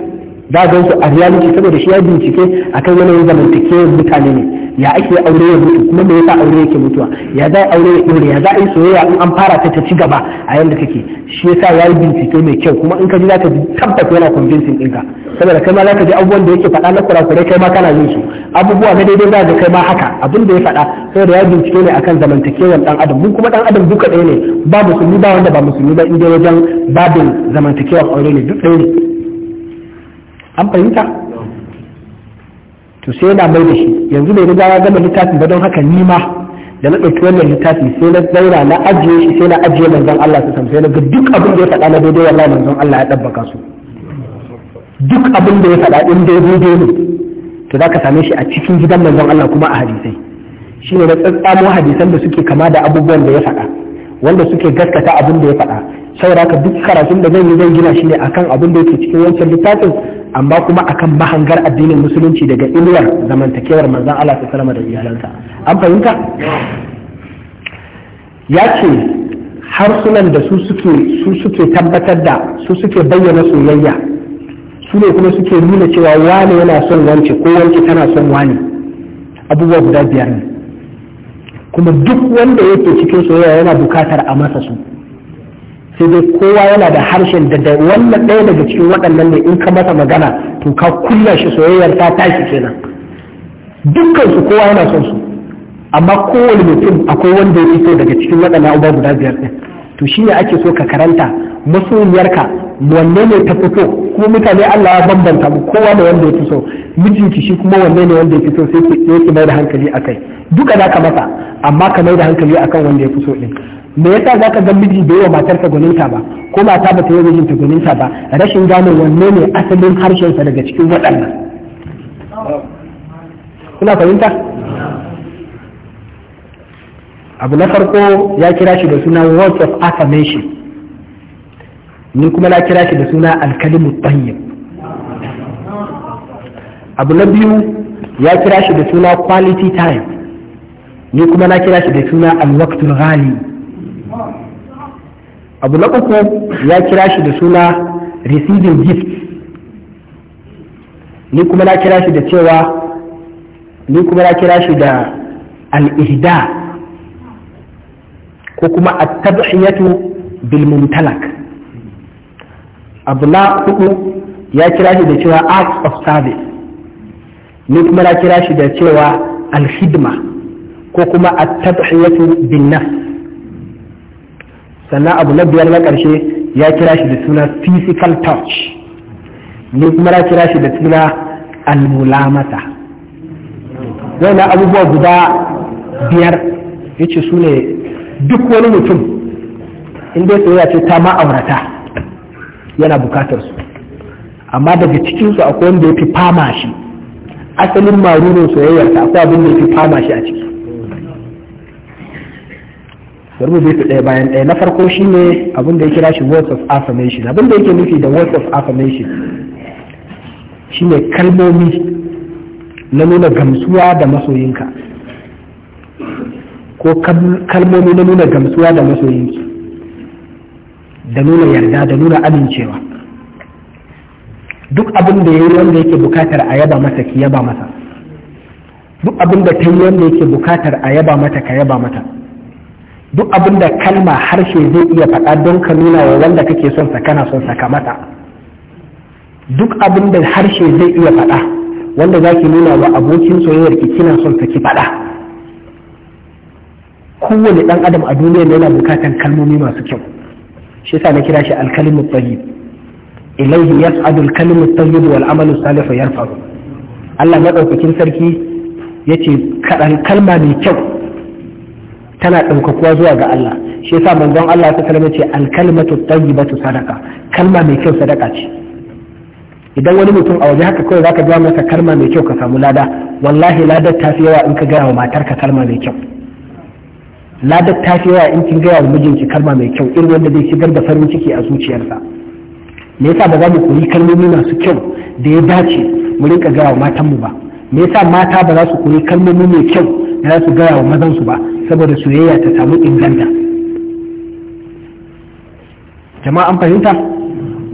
da gan su a reality saboda shi ya bincike a akan yanayin zamantakewar mutane ne ya ake aure ya mutu kuma me yasa aure yake mutuwa ya za aure ya dore ya za a yi soyayya in an fara ta ta ci gaba a yanda kake shi yasa ya yi bincike mai kyau kuma in ka ji zaka ji tabbata yana convincing ɗinka saboda kai ma za ka ji abubuwan da yake faɗa na kurakurai kai ma kana yin su abubuwa na daidai za ka kai ma haka abin da ya faɗa saboda ya bincike ne akan zamantakewar ɗan adam mun kuma ɗan adam duka ɗaya ne ba musulmi ba wanda ba musulmi ba in dai wajen babin zamantakewar aure ne duk ɗaya ne an fahimta to sai na mai da shi yanzu bai riga ya gama littafin ba don haka ni ma da na ɗauki wannan littafi sai na zaura na ajiye shi sai na ajiye manzon Allah su sai na ga duk abin da ya faɗa na daidai wallahi manzon Allah ya ɗabbaka su duk abin da ya faɗa in dai daidai ne to za ka same shi a cikin gidan manzon Allah kuma a hadisai shi ne na tsatsamo hadisan da suke kama da abubuwan da ya faɗa wanda suke gaskata abin da ya faɗa saboda haka duk karatun da zan yi zan gina shi ne akan abin da yake cikin wancan littafin amma kuma akan mahangar addinin musulunci daga inuwar zamantakewar manzan Allah ta salama da iyalansa an fahimta ya ce harsunan da su suke su suke tabbatar da su suke bayyana soyayya su ne kuma suke nuna cewa wane yana son wance ko wance tana son wane abubuwa guda biyar ne kuma duk wanda yake cikin soyayya yana bukatar a masa su sai dai kowa yana da harshen da wannan ɗaya daga cikin waɗannan ne in ka masa magana to ka kulla shi soyayyar ta tashi kenan dukkan su kowa yana son su amma kowane mutum akwai wanda ya fito daga cikin waɗannan abubuwa guda biyar ɗin to shi ne ake so ka karanta masoyiyarka wanne ne ta fito kuma mutane Allah ya bambanta mu kowa da wanda ya fi so mijinki shi kuma wanne ne wanda ya fi so sai ki mai da hankali akai duka za ka masa amma ka mai da hankali akan wanda ya fi so din me yasa ka ga miji bai wa ta gwaninta ba ko mata ba ta yi mijinta gwaninta ba rashin gane wanne ne asalin harshensa daga cikin waɗannan kuna fahimta abu na farko ya kira shi da suna words of affirmation ni kuma na kira shi da suna alkalimu tayyib abu na biyu ya kira shi da suna quality time ni kuma na kira shi da suna alwaktul ghali abu na uku ya kira shi da suna receiving gift ni kuma na kira shi da cewa ni kuma na kira shi da al'ihda ko kuma at-tadhiyatu bil mumtalak abu na hudu ya kira shi da cewa acts of service ni kuma na kira shi da cewa al-khidma ko kuma at-tadhiyatu bin nafs sannan abu na biyar na ƙarshe ya kira shi da suna physical touch ni kuma ya kira shi da suna almulamata wannan abubuwa guda biyar ya ce su ne duk wani mutum inda ya ce ta ma'aurata yana bukatar su amma daga cikinsu akwai wanda ya fi fama shi asalin marurin soyayyarsa akwai abin da ya fi fama shi a ciki bari mu su ɗaya bayan ɗaya na farko shi abin da ya kira shi words of affirmation abin da yake nufi da words of affirmation shine kalmomi na nuna gamsuwa da masoyinka ko kalmomi na nuna gamsuwa da masoyinki da nuna yarda da nuna amincewa duk abin da ya yi wanda yake bukatar a yaba masa ki yaba masa duk abin da ta yi wanda yake bukatar a yaba mata ka yaba mata duk abin da kalma harshe zai iya faɗa don ka nuna wa wanda kake son sa kana son sa mata duk abin da harshe zai iya faɗa wanda za ki nuna wa abokin soyayyar ki kina son sa ki faɗa kowane ɗan adam a duniya yana bukatan kalmomi masu kyau shi yasa na kira shi alkalimu tayyib ilaihi Adul alkalimu tayyib wal amalu salihu yarfa'u Allah maɗaukakin sarki yace kalma mai kyau tana ɗaukakuwa zuwa ga Allah shi yasa manzon Allah ta kalma ce alkalmatu tayyibatu sadaka kalma mai kyau sadaka ce idan wani mutum a waje haka kawai zaka ga masa kalma mai kyau ka samu lada wallahi ladar ta fi yawa in ka gaya wa matarka kalma mai kyau ladar ta fi in kin gaya wa mijinki kalma mai kyau irin wanda zai shigar da farin ciki a zuciyarsa me yasa ba za mu koyi kalmomi masu kyau da ya dace mu rinka gaya wa matanmu ba me yasa mata ba za su koyi kalmomi mai kyau da za su gaya wa su ba saboda soyayya ta samu inganta jama'a an fahimta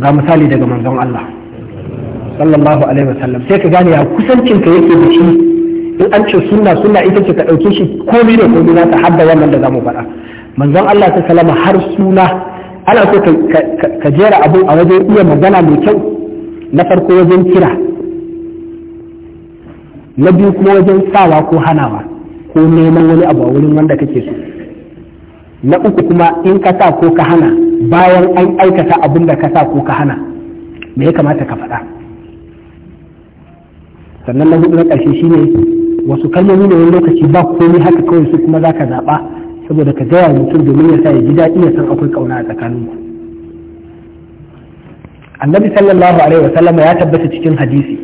ga misali daga manzon Allah sallallahu alaihi wasallam sai ka gane ya kusancin ka yake da shi in an ce sunna sunna ita ce ka dauke shi komai da komai za ta hadda wannan da zamu faɗa manzon Allah ta salama har suna ana so ka jera abu a wajen iya magana mai kyau na farko wajen kira na biyu kuma wajen sawa ko hanawa ko neman wani abu a wurin wanda kake so na uku kuma in ka sa ko ka hana bayan an aikata abin da ka sa ko ka hana me ya kamata ka faɗa sannan na hudu na ƙarshe shine wasu kalmomi ne wani lokaci ba komai haka kawai su kuma za ka zaɓa saboda ka gaya mutum domin ya sa ya ji daɗi ya san akwai ƙauna a ku annabi sallallahu alaihi wa sallama ya tabbata cikin hadisi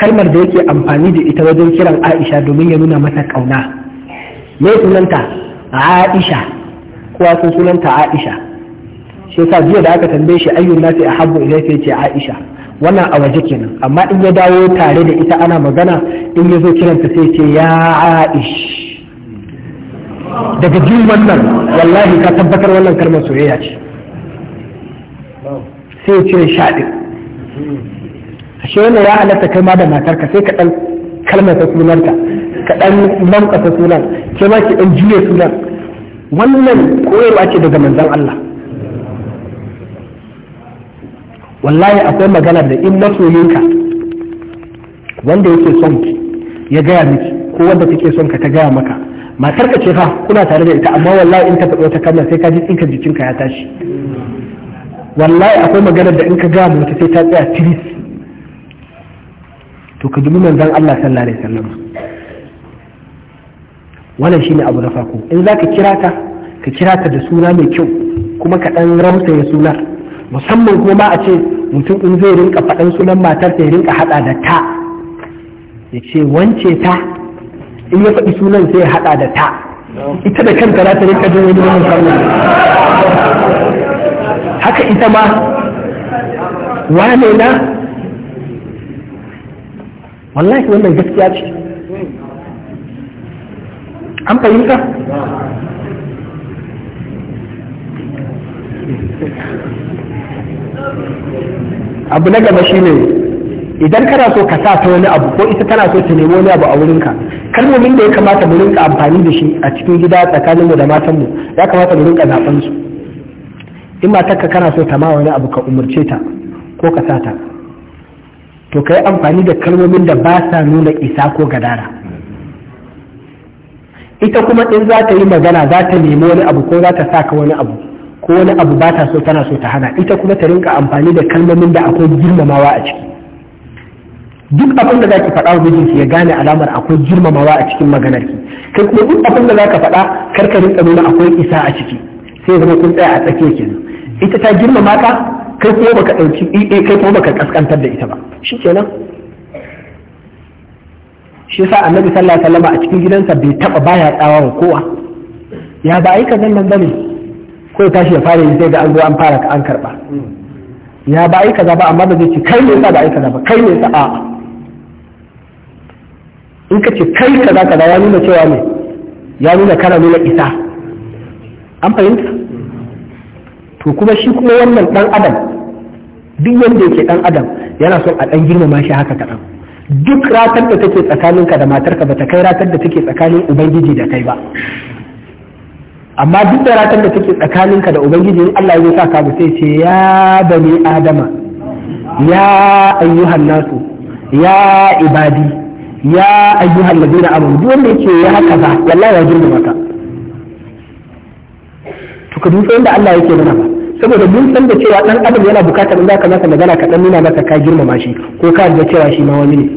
kalmar da yake amfani da ita wajen kiran aisha domin ya nuna mata kauna me sunanta aisha kowa sunanta aisha shi yasa jiya da aka tambaye shi ayyun nasi ahabbu sai ce aisha wannan a waje kenan amma in ya dawo tare da ita ana magana in ya zo kiranta sai ce ya aish daga jin wannan wallahi ka tabbatar wannan kalmar soyayya ce sai ce shaɗi shi wannan ya halatta kai ma da matarka sai ka dan kalmar ta sunanta ka dan lamkasa sunan ke ma ki dan juya sunan wannan koyarwa ce daga manzon Allah wallahi akwai magana da in masoyinka wanda yake son ki ya gaya miki ko wanda take son ka ta gaya maka matarka ce fa kuna tare da ita amma wallahi in ta faɗi wata kalma sai ka ji tsinkan jikinka ya tashi wallahi akwai magana da in ka gaya wata sai ta tsaya tiris to ka dubi manzan Allah sallallahu alaihi wasallam wannan shine abu na farko in zaka kira ta ka kira ta da suna mai kyau kuma ka dan ya suna musamman kuma ma a ce mutum in zai rinka faɗan sunan matar ta ya rinka hada da ta ya ce wance ta in ya faɗi sunan sai ya hada da ta ita da kanta za ta rinka jin wani wani sallah haka ita ma wane na wallahi wannan gaskiya ce an fahimta abu na gaba shine idan kana so ka sa ta wani abu ko ita tana so ta nemi wani abu a wurinka kalmomin da ya kamata mu rinka amfani da shi a cikin gida tsakaninmu da matanmu ya kamata mu rinka zaɓen su in matarka kana so ta ma wani abu ka umarce ta ko ka sa ta to ka amfani da kalmomin da ba sa nuna isa ko gadara ita kuma in za ta yi magana za ta nemi wani abu ko za ta saka wani abu ko wani abu ba ta so tana so ta hana ita kuma ta rinka amfani da kalmomin da akwai girmamawa a ciki duk abin da za ki faɗa wa mijinki ya gane alamar akwai girmamawa a cikin maganarki kai kuma duk abin da za ka faɗa kar ka rinka nuna akwai isa a ciki sai zama kun tsaya a tsakiya kenan ita ta girmama ka kai kuma baka ɗauki ɗiɗe eh, eh, kai kuma baka ƙasƙantar da ita ba shi kenan shi yasa annabi sallallahu alaihi wasallam a cikin gidansa bai taba baya tsawa wa kowa ya ba aika nan nan bane ko ya tashi ya fara yi sai ga an zo an fara ka an karba ya ba aika za ba amma ba zai ce kai ne yasa ba aika za ba kai ne yasa a in ka ce kai kaza kaza ya nuna cewa ne ya nuna kana nuna isa an fahimta to kuma shi kuma wannan dan adam duk wanda yake dan adam yana son a dan girmama shi haka kaɗan duk ratar da take tsakaninka da matarka bata kai ratar da take tsakanin ubangiji da kai ba amma duk da ratar da take tsakaninka da ubangiji in Allah ya sa ka sai ce ya bani adama ya ayyuhan nasu ya ibadi ya ayyuhan ladina amanu duk wanda yake ya haka ba wallahi ya girmama ka to ka duba inda Allah yake nuna ba saboda mun san da cewa dan adam yana bukatar in zaka masa magana ka dan nuna masa ka girmama shi ko ka da cewa shi ma wani ne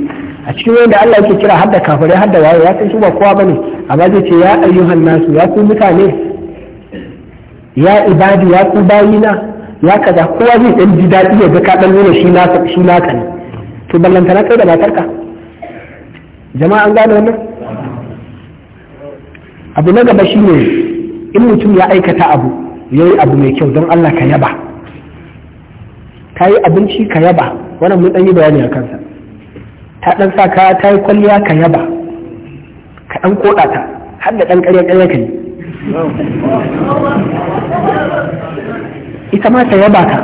a cikin wanda Allah yake kira hadda kafirai hadda waye ya san su ba kowa bane amma zai ce ya ayyuhan nasu ya ku mutane ya ibadi ya ku bayina ya kaza kowa zai dan ji dadi ya ga ka dan nuna shi na shi ka ne to na kai da matarka jama'a an gane wannan abu na gaba shine in mutum ya aikata abu yayi abu mai kyau don Allah ka yaba ta yi abinci ka yaba wannan mun dan yi bayani a kansa ta dan sa ka ta yi kwalliya ka yaba ka dan koda ta har da dan ƙarya ƙarya ka ita ma ta yaba ka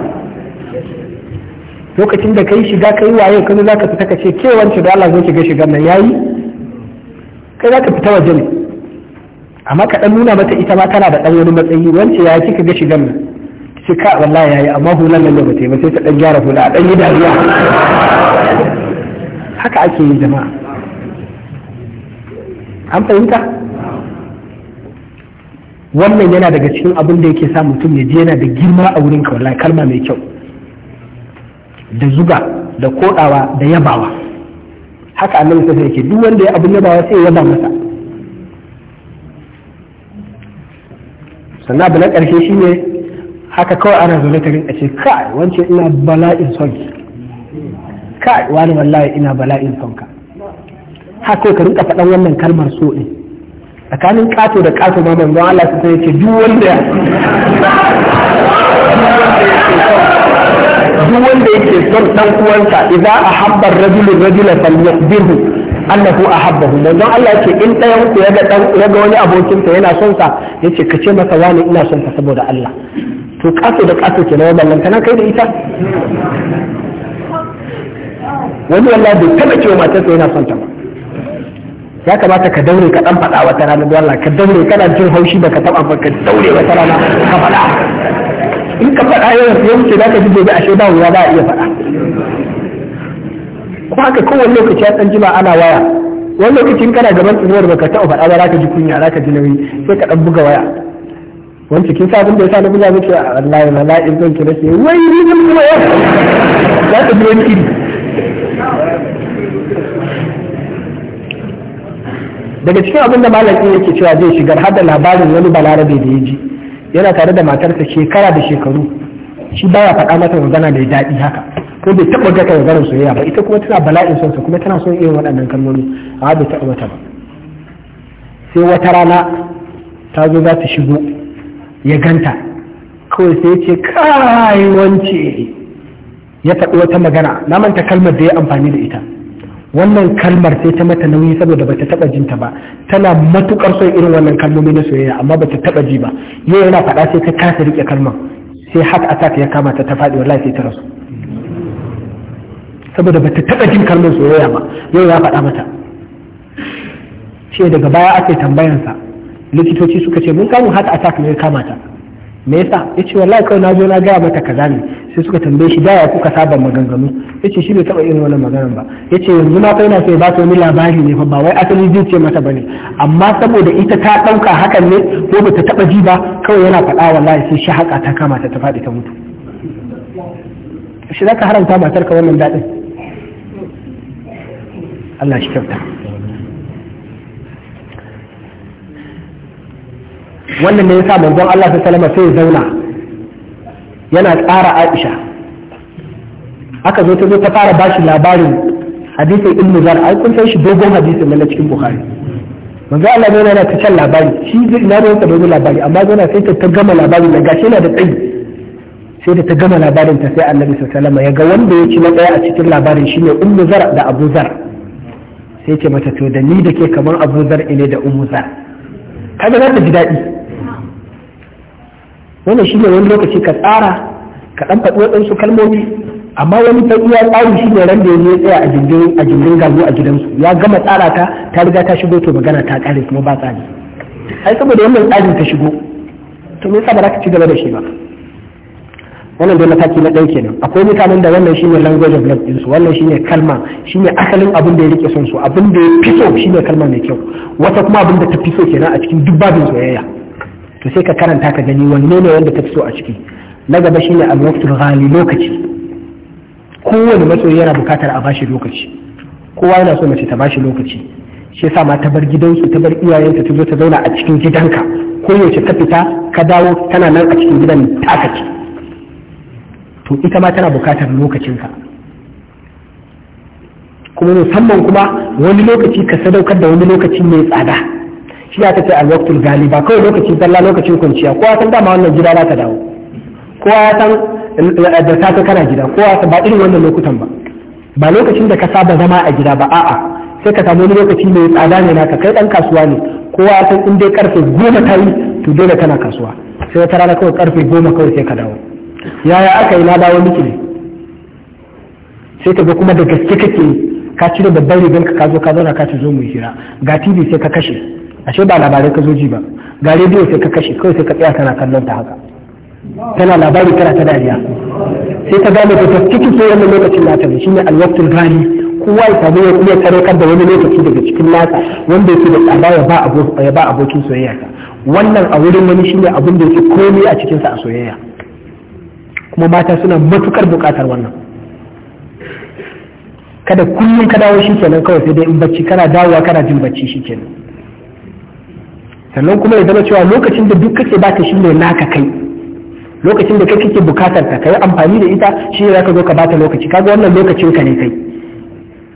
lokacin da kai shiga kai waye kuma zaka fita ka ce ke wance da Allah zai shiga shigan nan yayi kai zaka fita waje ne amma ka dan nuna mata ita ma tana da dan wani matsayi wance ya kika ga shigan nan ki ka wallahi yayi amma hulan nan ba ta ba sai ta dan gyara hula a dan yi dariya haka ake yi jama'a an fahimta wannan yana daga cikin abin da yake sa mutum ya je yana da girma a wurin ka wallahi kalma mai kyau da zuba da kodawa da yabawa haka annabi sai yake duk wanda ya abin yabawa sai ya yaba masa sannan abu na ƙarshe shi ne haka kawai ana zaune ta a ce kai wance ina bala'in son kai wani wallahi ina bala'in son ka haka ka rinka faɗan wannan kalmar so ɗin tsakanin ƙato da ƙato ma manzon Allah su sai ce duk wanda duk wanda yake son dan uwansa idza ahabba ar-rajulu rajula falyaqbirhu annahu ahabbahu manzon Allah yace in ɗayan ku ga dan ga wani abokin sa yana son sa yace ka ce masa wani ina son ka saboda Allah to kaso da kaso ke nawa ballan kana kai da ita wani wallahi bai taba cewa matarsa yana son ta ba ya kamata ka daure ka dan faɗa wata rana don Allah ka daure kana jin haushi baka taba ba ka daure wata rana ka faɗa in ka faɗa yau yau ce zaka ji gobe ashe ba wuya ba iya faɗa kuma haka kowane lokaci a ɗan jima ana waya wani lokacin kana gaban tsinuwar baka taɓa faɗa ba za ka ji kunya za ka ji nauyi sai ka ɗan buga waya wani cikin sabon da ya sa na buga muke a ah, wallahi na la'in zan ki nake wai ni zan buga waya za ka ji wani iri daga cikin abin da malamin yake cewa zai shigar har da labarin wani balarabe da ya ji yana tare da matarsa shekara da shekaru shi baya faɗa mata magana da ya daɗi haka ko bai taɓa ga kan soyayya ba ita kuma tana bala'in son kuma tana son irin waɗannan kalmomi a bai taɓa mata ba sai wata rana ta zo za ta shigo ya ganta kawai sai ce kai wance ya taɓa wata magana na manta kalmar da ya amfani da ita wannan kalmar sai ta mata nauyi saboda bata taɓa jinta ba tana matukar son irin wannan kalmomi na soyayya amma bata taɓa ji ba yau yana faɗa sai ta kasa riƙe kalmar sai haka attack ya kama ta ta faɗi wallahi sai ta rasu saboda bata taɓa jin kalmar soyayya ba yau ya faɗa mata shi daga baya aka yi tambayansa likitoci suka ce mun kamu hata attack ne ya kama ta me yasa ya ce wallahi kawai na zo na gaya mata kaza ne sai suka tambaye shi daya kuka saba maganganu ya ce shi bai taɓa irin wannan maganar ba ya ce yanzu na kai na sai ba ta wani labari ne fa ba wai asali zai ce mata bane amma saboda ita ta ɗauka hakan ne ko bata taɓa ji ba kawai yana faɗa wallahi sai shi haka ta kama ta ta faɗi ta mutu shi za ka haramta matar ka wannan daɗin Allah shi kyauta wannan ne ya sa manzon Allah ta salama sai zauna yana tsara Aisha aka zo ta zo ta fara bashi labarin hadisin ibn Zar ai kun san shi dogon hadisin na cikin Bukhari manzon Allah ne yana ta labari shi zai ne ruwansa dogon labari amma yana sai ta ta gama labarin da gashi yana da tsayi sai da ta gama labarin ta sai Annabi sallallahu alaihi wasallam ya ga wanda ya ci na a cikin labarin shine ibn Zar da Abu Zar sai ce mata to da ni da ke kamar abu zar ne da umu zar kaga za ta ji daɗi wannan shi ne wani lokaci ka tsara ka ɗan faɗi waɗansu kalmomi amma wani ta iya tsari shi ne ran da ya tsaya a jindin a a gidansu ya gama tsara ta ta riga ta shigo to magana ta ƙare kuma ba tsari ai saboda wannan tsarin ta shigo to me yasa ba za ka ci gaba da shi ba wannan dai mataki na ɗaya kenan akwai mutanen da wannan shine language of love ɗinsu wannan shine kalma shine asalin abin da ya rike son su abin da ya fi so shine kalma mai kyau wata kuma abin da ta fi kenan a cikin duk babin soyayya to sai ka karanta ka gani wanne ne wanda ta fi a ciki na gaba shine al-waqtul ghali lokaci kowane masoyi yana bukatar a bashi lokaci kowa yana so mace ta bashi lokaci shi yasa ma ta bar gidansu ta bar iyayenta ta zo ta zauna a cikin gidanka ko yaushe ta fita ka dawo tana nan a cikin gidan taka ce to ita ma tana bukatar lokacinka kuma musamman kuma wani lokaci ka sadaukar da wani lokaci mai tsada shi ya tafi alwaktul galiba kawai lokaci zalla lokacin kwanciya kowa san dama wannan gida za ta dawo kowa ya san eh, da safe kana gida kowa ba irin wannan lokutan ba ba lokacin da ka saba zama a gida ba a'a sai ka samu wani lokaci mai tsada ne naka kai dan kasuwa ne kowa ya san in dai karfe goma ta yi to dole kana kasuwa sai wata rana kawai karfe goma kawai sai ka dawo yaya aka yi laba wani miki sai ka kuma da gaske kake ka cire babban rigar ka zo ka zauna ka ce zo mu hira ga tv sai ka kashe ashe ba labarai ka zo ji ba ga rediyo sai ka kashe kawai sai ka tsaya kana kallon ta haka tana labari tana ta dariya sai ta gane ta cikin ke wannan lokacin nata shi ne alwaktul gani kowa ya samu ya kan da wani lokaci daga cikin nasa wanda yake da tsada ya ba abokin soyayya wannan a wurin wani shine abin da yake komai a cikinsa a soyayya kuma mata suna matukar buƙatar wannan kada kullum ka dawo shi kenan kawai sai dai in bacci kana dawowa kana jin bacci shi kenan sannan kuma ya zama cewa lokacin da duk kake baka shi ne naka kai lokacin da kai kake bukatar ta kai amfani da ita shi ne zaka zo ka bata lokaci kaga wannan lokacin ka ne kai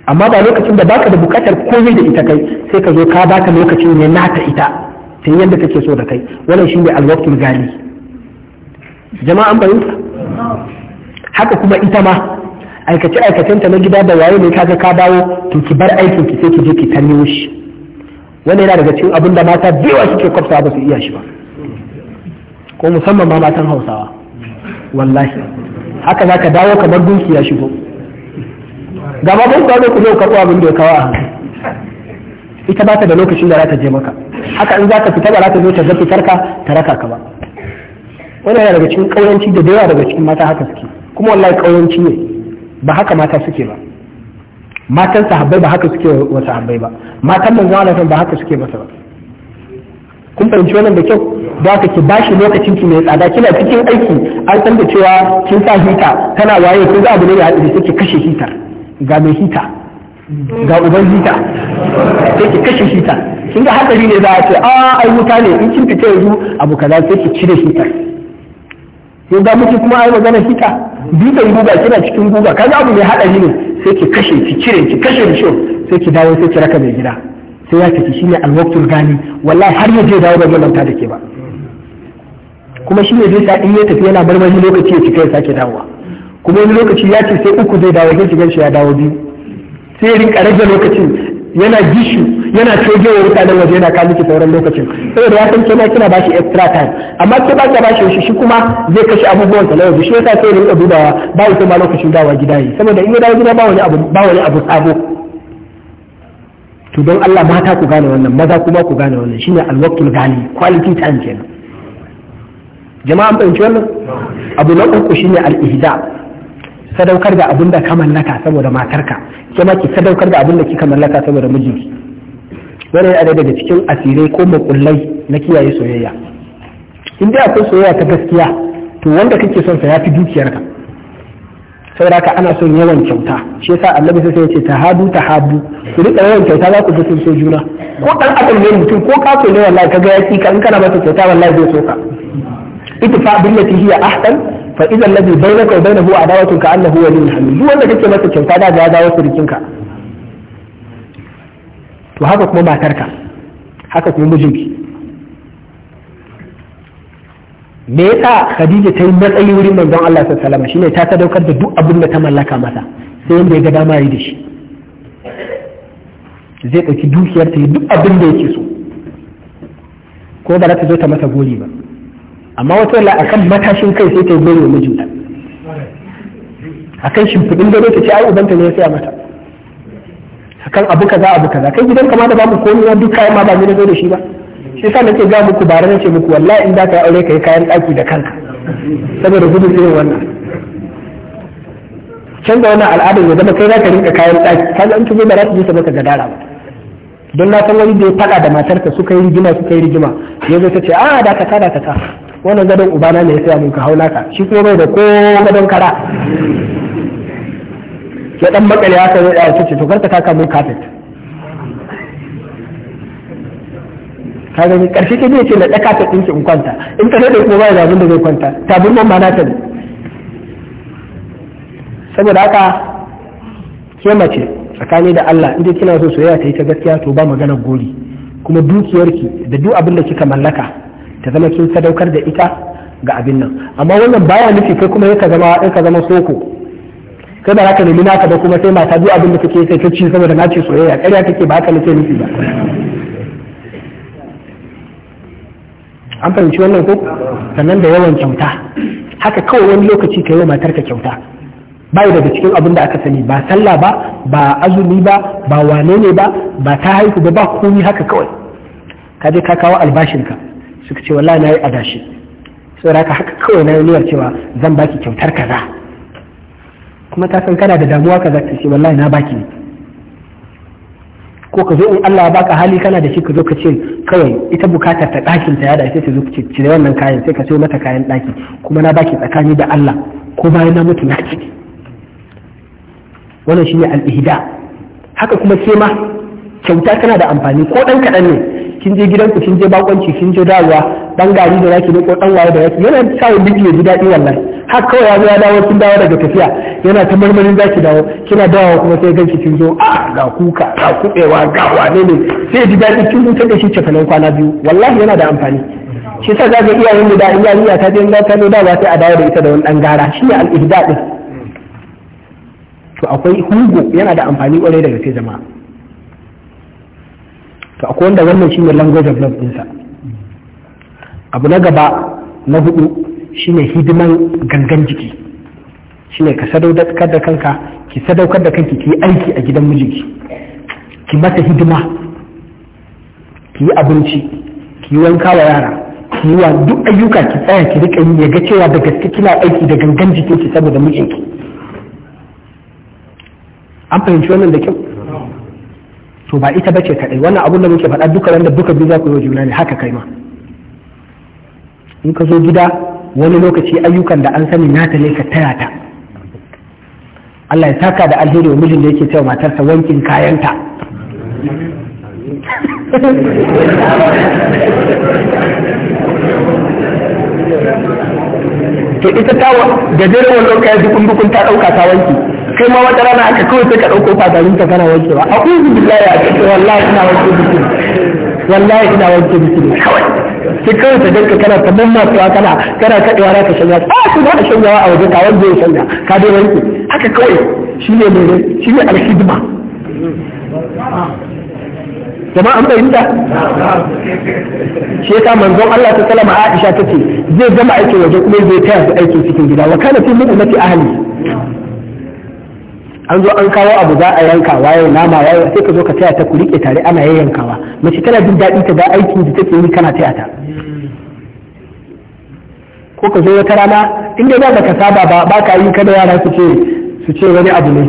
amma ba lokacin da baka da bukatar komai da ita kai sai ka zo ka baka lokacin ne naka ita ta yadda kake so da kai wannan shi ne alwaktul gali jama'an bayin haka kuma ita ma aikace aikacenta na gida da waye ne kaga ka dawo to ki bar aikin ki sai ki je ki tanyo shi wannan yana daga cikin abin da mata biyu suke kwafsa ba su iya shi ba ko musamman ma matan hausawa wallahi haka za ka dawo kamar dunki ya shigo gaba ban tsaro ku zo karɓo abin da ya kawo a hannu ita ba ta da lokacin da za ta je maka haka in za ka fita ba za ta zo ta zafi tarka ta raka ka ba wannan yana daga cikin kauranci da yawa daga cikin mata haka suke kuma wallahi ƙauyanci ne ba haka mata suke ba matan sahabbai ba haka suke wa sahabbai ba matan manzo Allah ba haka suke masa ba kun fahimci wannan da kyau da aka ki bashi lokacin ki mai tsada kina cikin aiki an san da cewa kin sa hita tana waye kin ga abu ne da hadiri sai ki kashe hitar ga mai hita ga uban hita sai ki kashe hita kin ga hakari ne za a ce a ah, ai wuta ne in kin fita yanzu abu kaza sai ki cire hitar yau ga muke kuma ai magana hita dukan guga kina cikin guga kaga abu mai hadari ne sai ki kashe ki cire ki kashe da sai ki dawo sai ki raka mai gida sai ya tafi shine alwaqtul gani wallahi har ya je dawo da manta da ke ba kuma shi ne zai sa in ya tafi yana marmari lokaci ya cika ya sake dawowa kuma wani lokaci ya ce sai uku zai dawo gidan shi ya dawo biyu sai rinka rage lokacin yana gishu yana cewa mutanen waje yana kawo miki sauran lokacin saboda ya san kina kina bashi extra time amma ke ba ka bashi shi shi kuma zai kashe abubuwan sa lawa shi yasa sai rinka dubawa ba ya ma lokacin dawa gida yi saboda in ya dawo gida ba wani abu ba wani abu sabo to don Allah mata ku gane wannan maza kuma ku gane wannan shine alwaqtul gani quality time kenan jama'a an fahimci wannan abu na uku shine al-ihda sadaukar da abinda da ka mallaka saboda matarka kuma ma ki sadaukar da abinda da kika mallaka saboda mijinki wannan yana daga cikin asirai ko makullai na kiyaye soyayya in dai akwai soyayya ta gaskiya to wanda kake son sa yafi dukiyarka saboda haka ana son yawan kyauta shi yasa annabi sai ya ce ta hadu, ku rika yawan kyauta za ku ga sun so juna ko dan adam ne mutum ko kaso ne wallahi kaga yaki ka in kana masa kyauta wallahi zai so ka ittifa billati hiya ahsan fa idza alladhi bainaka wa bainahu adawatun ka annahu waliyyun hamid duk wanda kake masa kyauta da ga dawo surikin ka to haka kuma matarka haka kuma mijinki me yasa Khadija ta yi matsayi wurin manzon Allah sallallahu alaihi wasallam shine ta sadaukar da duk abin da ta mallaka masa sai yanda ya ga dama yi da shi zai ɗauki dukiyar ta duk abin da yake so ko ba za ta zo ta masa gori ba amma wata wala akan matashin kai sai ta yi gori wa mijinta akan shimfiɗin gado ta ce ai ubanta ne ya saya mata kan abu kaza abu kaza kai gidan kama da bamu komai na duk ma ba ni zo da shi ba shi yasa nake ga muku bare nace muku wallahi in da ka aure kai kayan daki da kanka saboda gudu irin wannan canza wannan al'adar ya zama kai za ka rinka kayan daki ga an tuzo ba za su baka ga gadara ba don na san wani da ya faɗa da matarka suka yi rigima suka yi rigima ya zo ta ce ah, a da ka da ka wannan gadon ubana ne ya saya mun ka haula ka shi kuma bai da ko gadon kara ke dan makale ya kai da shi to karka taka mai kafet ka ni karshe ke ne ce na daka ta dinki in kwanta in ka da kuma ba da abin da zai kwanta bin nan ma na ta ne saboda haka ke mace tsakani da Allah inda kina so soyayya ta yi ta gaskiya to ba magana gori kuma dukiyarki da duk abin da kika mallaka ta zama kin sadaukar da ita ga abin nan amma wannan baya nufi kai kuma yake zama yaka zama soko kai ba ka nemi naka ba kuma sai mata duk abin da kake kai ta ci saboda na soyayya ƙarya take ba haka nake nufi ba an fahimci wannan ko sannan da yawan kyauta haka kawai wani lokaci ka yi matar ka kyauta bai daga cikin abin da aka sani ba sallah ba ba azumi ba ba wane ne ba ba ta haihu ba ba komi haka kawai ka je ka kawo albashinka suka ce wallahi na yi adashi saboda haka haka kawai na yi niyyar cewa zan baki kyautar kaza kuma ka san kana da damuwa ka zaka ce wallahi na baki ko ka zo in Allah ya baka hali kana da shi ka zo ka ce kawai ita bukatar ta dakin ta da sai ta zo ka ce cire wannan kayan sai ka sayo mata kayan daki kuma na baki tsakani da Allah ko bayan na mutu na ci wannan shine al-ihda haka kuma ke ma kyauta kana da amfani ko dan kaɗan ne kin je gidanku kin je bakonci kin je dawowa dan gari da yake ne ko dan waye da yaki yana sa biki ya ji daɗi wannan har kawai ya zo ya dawo kin dawo daga tafiya yana ta marmarin zaki dawo kina dawo kuma sai ganki kin zo a ah, ga kuka ga kubewa ga wane ne sai ji daɗi kin zo da shi cefanen kwana biyu wallahi yana da amfani shi sa zaka iyayen mu da iya yarinya ta dinga ta ne da ba sai a dawo da ita da wani dan gara shi ne al-ihda din to akwai hugo yana da amfani kwarai daga sai jama'a to akwai wanda wannan shine language of love sa abu na gaba na hudu shine hidiman gangan jiki shine ka sadaukar da kanka ki sadaukar da kanki ki aiki a gidan mijinki ki masa hidima ki yi abinci ki yi wanka wa yara ki yi wa duk ayyuka ki tsaya ki rika yi ya ga cewa da gaske kina aiki da gangan jikinki saboda mijinki an fahimci wannan da kyau to ba ita bace kadai wannan abun da muke faɗa duka wanda duka biyu za ku yi wa juna ne haka kai ma in ka zo gida wani lokaci ayyukan da an sani nata ne ka taya ta Allah ya saka da alheri wa mijin da yake cewa matarsa wankin kayanta to ita ta gajeren wannan ya dukun dukun ta ɗauka ta wanki kai ma wata rana aka kawai sai ka ɗauko fatarin ka kana wanki ba a kuzi billahi a cikin wallahi ina wanke bikini wallahi ina kawai sai kawai ta danka kana ta mammatsuwa kana kana kaɗewa za ka shanya a su ba a shanyawa a wajen ka wanda ya shanya ka dai wanke haka kawai shi ne mai shi ne alhidima jama'a an fahimta shi yasa manzon Allah ta salama Aisha tace zai zama aikin waje kuma zai taya su aikin cikin gida wa kana fi mu'minati ahli an zo an kawo abu za a yanka waye nama waye sai ka zo ka taya ta ku rike tare ana yayyankawa mace tana jin daɗi ta da aiki da take yi kana taya ta ko ka zo wata rana in dai ba ka saba ba ba ka yi kada yara su ce su ce wani abu ne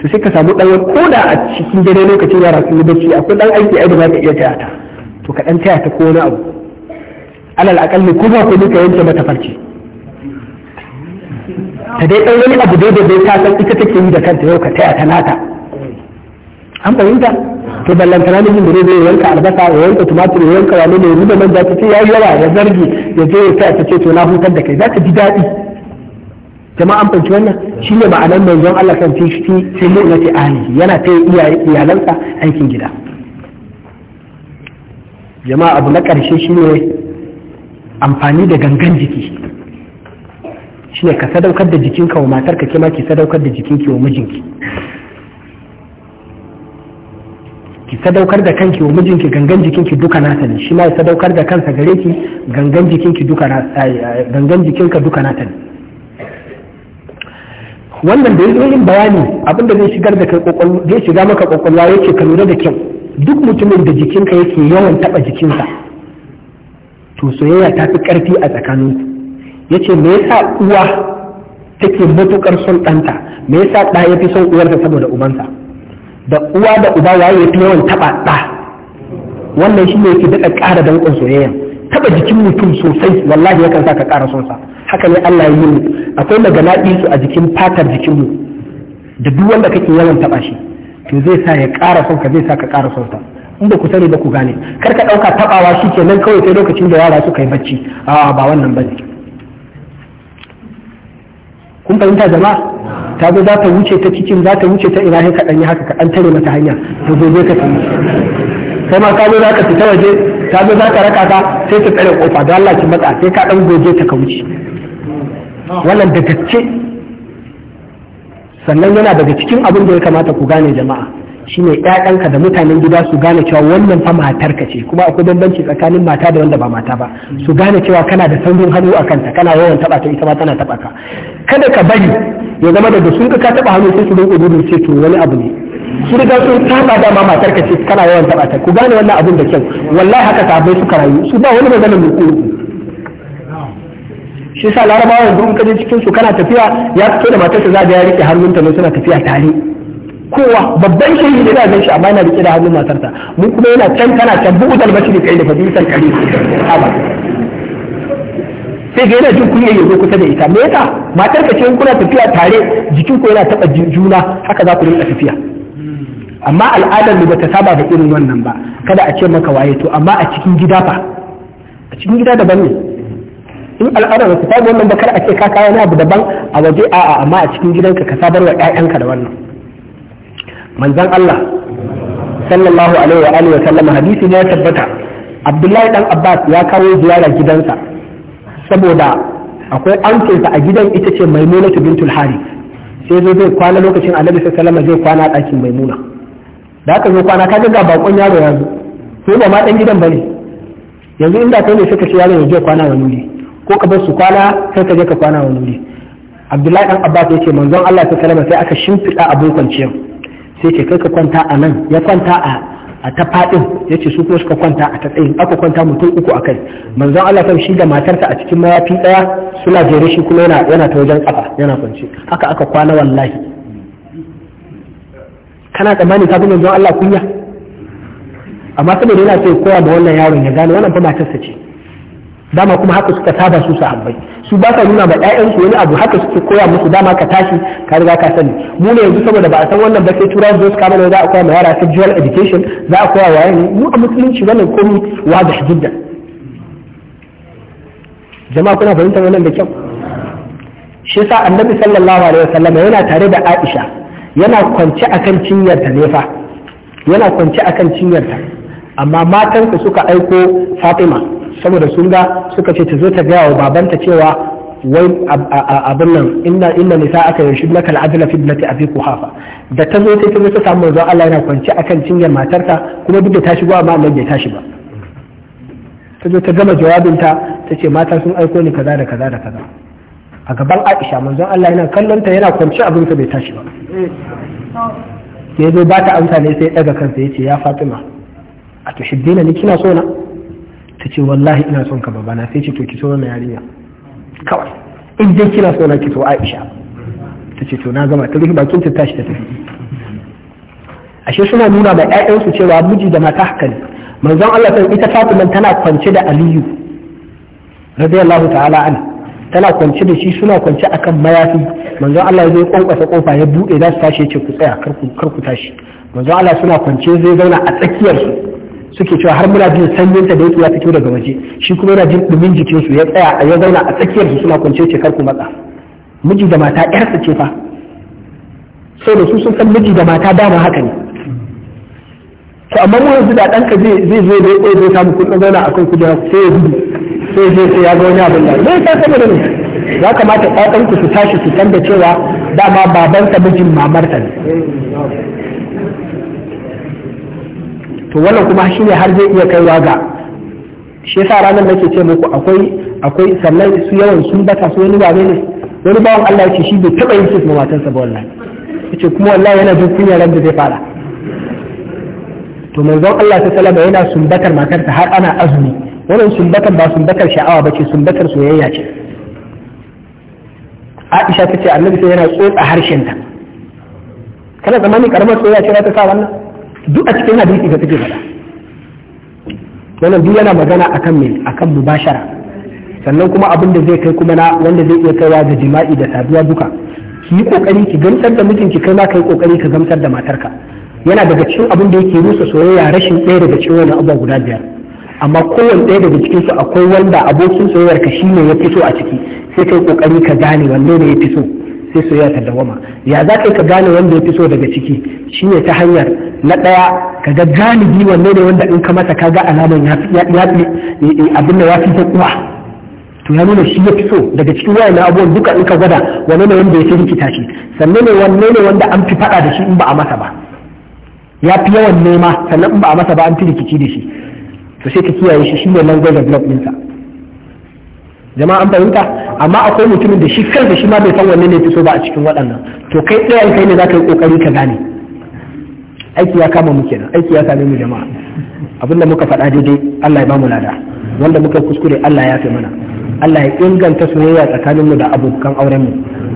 to sai ka samu ɗan ko da a cikin dare lokacin yara sun yi bacci akwai ɗan aiki ai da za ka iya taya ta to ka ɗan taya ta ko wani abu alal aƙalli ko ba ku duka yanke mata farce ta dai ɗan wani abu dai da bai ta san ita take yi da kanta yau ka taya ta nata an fahimta to na mijin da zai yanka albasa ya yanka tumatir ya yanka wani ne ruba man ta ce ya yi yawa ya zargi ya je ya taya ta ce to na hutar da kai za ka ji daɗi jama'a an fahimci wannan shi ne ma'anar manzon Allah kan fi shi sai mu a ahli yana ta iyalansa aikin gida jama'a abu na ƙarshe shine amfani da gangan jiki shine ka sadaukar da jikinka wa matarka ke ki sadaukar da jikinki wa mijinki ki sadaukar da kanki wa mijinki gangan jikinki duka nata ne shi ma ya sadaukar da kansa gare ki gangan jikinki duka gangan jikinka duka nata ne wannan da yi yin bayani abin da zai shigar da kai kokon zai shiga maka kokolwa yake ka lura da kyau duk mutumin da jikinka yake yawan taba jikinsa to soyayya ta fi karfi a tsakaninku ya ce me yasa uwa take matukar son ɗanta me yasa ɗa ya fi son uwarsa saboda ubansa da uwa da uba waye ya fi yawan taɓa ɗa wannan shi ne yake daɗa ƙara danƙon soyayya taɓa jikin mutum sosai wallahi yakan sa ka ƙara son sa haka ne Allah ya yi mu akwai magana su a jikin fatar jikin da duk wanda kake yawan taɓa shi to zai sa ya ƙara son ka zai sa ka ƙara son sa inda ku sani ba ku gane kar ka ɗauka taɓawa shi kenan kawai sai lokacin da yara suka yi bacci a ba wannan bane kun fahimta jama'a ta zo za ta wuce ta cikin za ta wuce ta Ibrahim ka ya haka ka an tare mata hanya ta zo zai ka tafi sai ma ka zo za ka fita waje ta zo za ka raka ka sai ta tsare kofa don Allah ki matsa sai ka dan goje ta ka wuce wannan da gaske sannan yana daga cikin abin da ya kamata ku gane jama'a shine ƴaƴanka da mutanen gida su gane cewa wannan fa matarka ce kuma akwai bambanci tsakanin mata da wanda ba mata ba su gane cewa kana da sanjin hannu a kanta kana yawan taba ta ita ma tana taba ka kada ka bari ya zama da sun ka taba hannu sai su dinga gudu ce to wani abu ne su riga sun taɓa da ma matar ka ce kana yawan taba ta ku gane wannan abun da kyau wallahi haka bai suka rayu su ba wani maganar mu shi sa larabawa yanzu in ka je cikin su kana tafiya ya fito da matarsa za ga ya rike hannunta ne suna tafiya tare kowa babban shehi da zai shi amma yana rike da hannun matarsa mu kuma yana can tana can bugu talbashi da kai da fadisan kare haba sai ga yana jin kunya yanzu kusa da ita me yasa matar ka ce in kuna tafiya tare jikin ko yana taba juna haka za ku rinka tafiya amma al'adar mu bata saba da irin wannan ba kada a ce maka waye to amma a cikin gida fa a cikin gida daban ne in al'adar ku saba wannan ba kar a ce ka kawo wani abu daban a waje a'a amma a cikin gidanka ka sabar wa ƴaƴanka da wannan Manzan Allah sallallahu alaihi wa alihi wa sallam hadisi ne ya tabbata Abdullahi dan Abbas ya kawo ziyara gidansa saboda akwai ankinsa a gidan ita ce Maimunatu bintul Harith sai zo zai kwana lokacin Annabi sallallahu alaihi zai kwana ɗakin Maimuna da aka zo kwana kaga ga bakon yaro ya zo ba ma dan gidan bane yanzu inda kai ne suka ce yaro ya je kwana wani wuri ko ka bar su kwana sai ka je ka kwana wani wuri Abdullahi dan Abbas ya ce manzon Allah sallallahu alaihi sai aka shimfiɗa abin kwanciyar sai ce kai ka kwanta a nan ya kwanta a a ta fadin yace su kuma suka kwanta a ta tsayin aka kwanta mutum uku a kai manzon Allah kan shi da matarsa a cikin mayafi daya suna jere shi kuma yana yana ta wajen kafa yana kwance haka aka kwana wallahi kana tsammani ka bin manzon Allah kunya amma saboda yana sai kowa da wannan yaron ya gane wannan fa matarsa ce dama kuma haka suka saba su sahabbai su ba sa nuna ba ƴaƴan su wani abu haka suke koya musu dama ka tashi ka riga ka sani mu ne yanzu saboda ba a san wannan ba sai turawa zo su kama za a koya ma yara sexual education za a koya waye ne mu a musulunci wannan komai wadah jiddan jama'a kuna fahimtar wannan da kyau shi yasa annabi sallallahu alaihi wasallam yana tare da Aisha yana kwance akan cinyarta ne fa yana kwance akan cinyarta amma matansa suka aiko Fatima saboda sun ga suka ce ta zo ta gaya wa babanta cewa wai abin nan inna inna nisa aka yanshi laka adla fi ibnati abi kuhafa da ta zo sai ta zo ta samu manzo Allah yana kwance akan cinyar matarka kuma duk da ta shigo amma Allah bai tashi ba ta zo ta gama jawabinta ta ce mata sun aiko ni kaza da kaza da kaza a gaban Aisha manzo Allah yana kallon ta yana kwance abin sa bai tashi ba ya zo ba ta amsa ne sai ya daga kansa ya ce ya Fatima a tushiddina ni kina so na ta ce wallahi ina son ka babana sai ce to ki na yarinya kawai in dai kina so na ki to Aisha ta ce to na gama ta rufe bakin ta tashi ta tafi ashe suna nuna da ƴaƴansu cewa miji da mata haka ne manzon Allah sai ita Fatima tana kwance da Aliyu radiyallahu ta'ala an tana kwance da shi suna kwance akan mayafi manzon Allah ya kwankwasa kofa ya bude za su tashi ya ce ku tsaya kar ku tashi manzon Allah suna kwance zai zauna a tsakiyar su suke cewa har muna jin sanyin ta da yake ya fito daga waje shi kuma yana jin dumin jikin su ya tsaya a yau zauna a tsakiyar su suna kwance ce kar ku matsa miji da mata yar su ce fa sai da su sun san miji da mata dama haka ne to amma mu yanzu da ka zai zai zo da ya zai samu kudin zauna akan kujera sai ya gudu sai ya sai ya ga wani abin da ne sai saboda ne ya kamata ɗan ku su tashi su san da cewa dama babansa mijin mamarta ne to wannan kuma shi ne har zai iya kaiwa ga shi yasa ranar nake ce muku akwai akwai sannan su yawan sun bata su wani ba ne wani bawan Allah ya ce shi bai taba yin kis ma matarsa ba wallahi yace kuma wallahi yana jin kunya ran da zai fara to manzon Allah ta salama yana sumbatar matarsa har ana azumi wannan sumbatar ba sumbatar sha'awa bace sumbatar soyayya ce Aisha ta ce annabi sai yana tsotsa harshen ta kana zamanin karamar soyayya ce ta sa wannan duk a cikin hadisi da take faɗa wannan duk yana magana akan me akan mubashara sannan kuma abin da zai kai kuma na wanda zai iya kaiwa ga jima'i da saduwa duka ki yi kokari ki gamsar da mijinki kai ma kai kokari ka gamsar da matarka yana daga cikin abin da yake rusa soyayya rashin ɗaya daga cikin wani abubuwa guda biyar amma kowane ɗaya daga cikin su akwai wanda abokin soyayyar ka shine ya fito a ciki sai kai kokari ka gane wanne ne ya fito sai soyayya ta dawama ya za ka gane wanda ya fi so daga ciki shine ta hanyar na ɗaya ka ga galibi wanne ne wanda in ka masa ka ga alaman ya fi abin da ya fi kuwa to ya nuna shi ya fi so daga cikin wayan abubuwan duka in ka gwada wanne ne wanda ya fi rikita shi sannan ne wanne ne wanda an fi faɗa da shi in ba a masa ba ya fi yawan nema sannan in ba a masa ba an fi rikici da shi to sai ka kiyaye shi shine language of love ɗinsa jama'a an fahimta amma akwai mutumin da shi kansa shi ma bai san wanne ne fi so ba a cikin waɗannan to kai ɗaya kai ne za ka yi kokari ka gane aiki ya kama mu kenan aiki ya same mu jama'a abinda muka faɗa daidai Allah ya ba mu lada wanda muka kuskure Allah ya fi mana Allah ya inganta soyayya tsakanin mu da abokan auren mu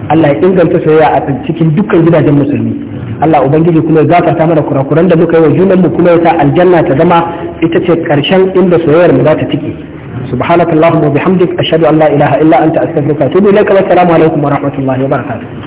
Allah ya inganta soyayya a cikin dukkan gidajen musulmi Allah ubangiji kuma ya gafarta mana kurakuran da muka yi wa junan mu kuma ya sa aljanna ta zama ita ce karshen inda soyayyar mu za ta tike subhanakallahumma wa bihamdik ashhadu an la ilaha illa anta astaghfiruka wa atubu ilaik wa assalamu alaikum wa rahmatullahi wa barakatuh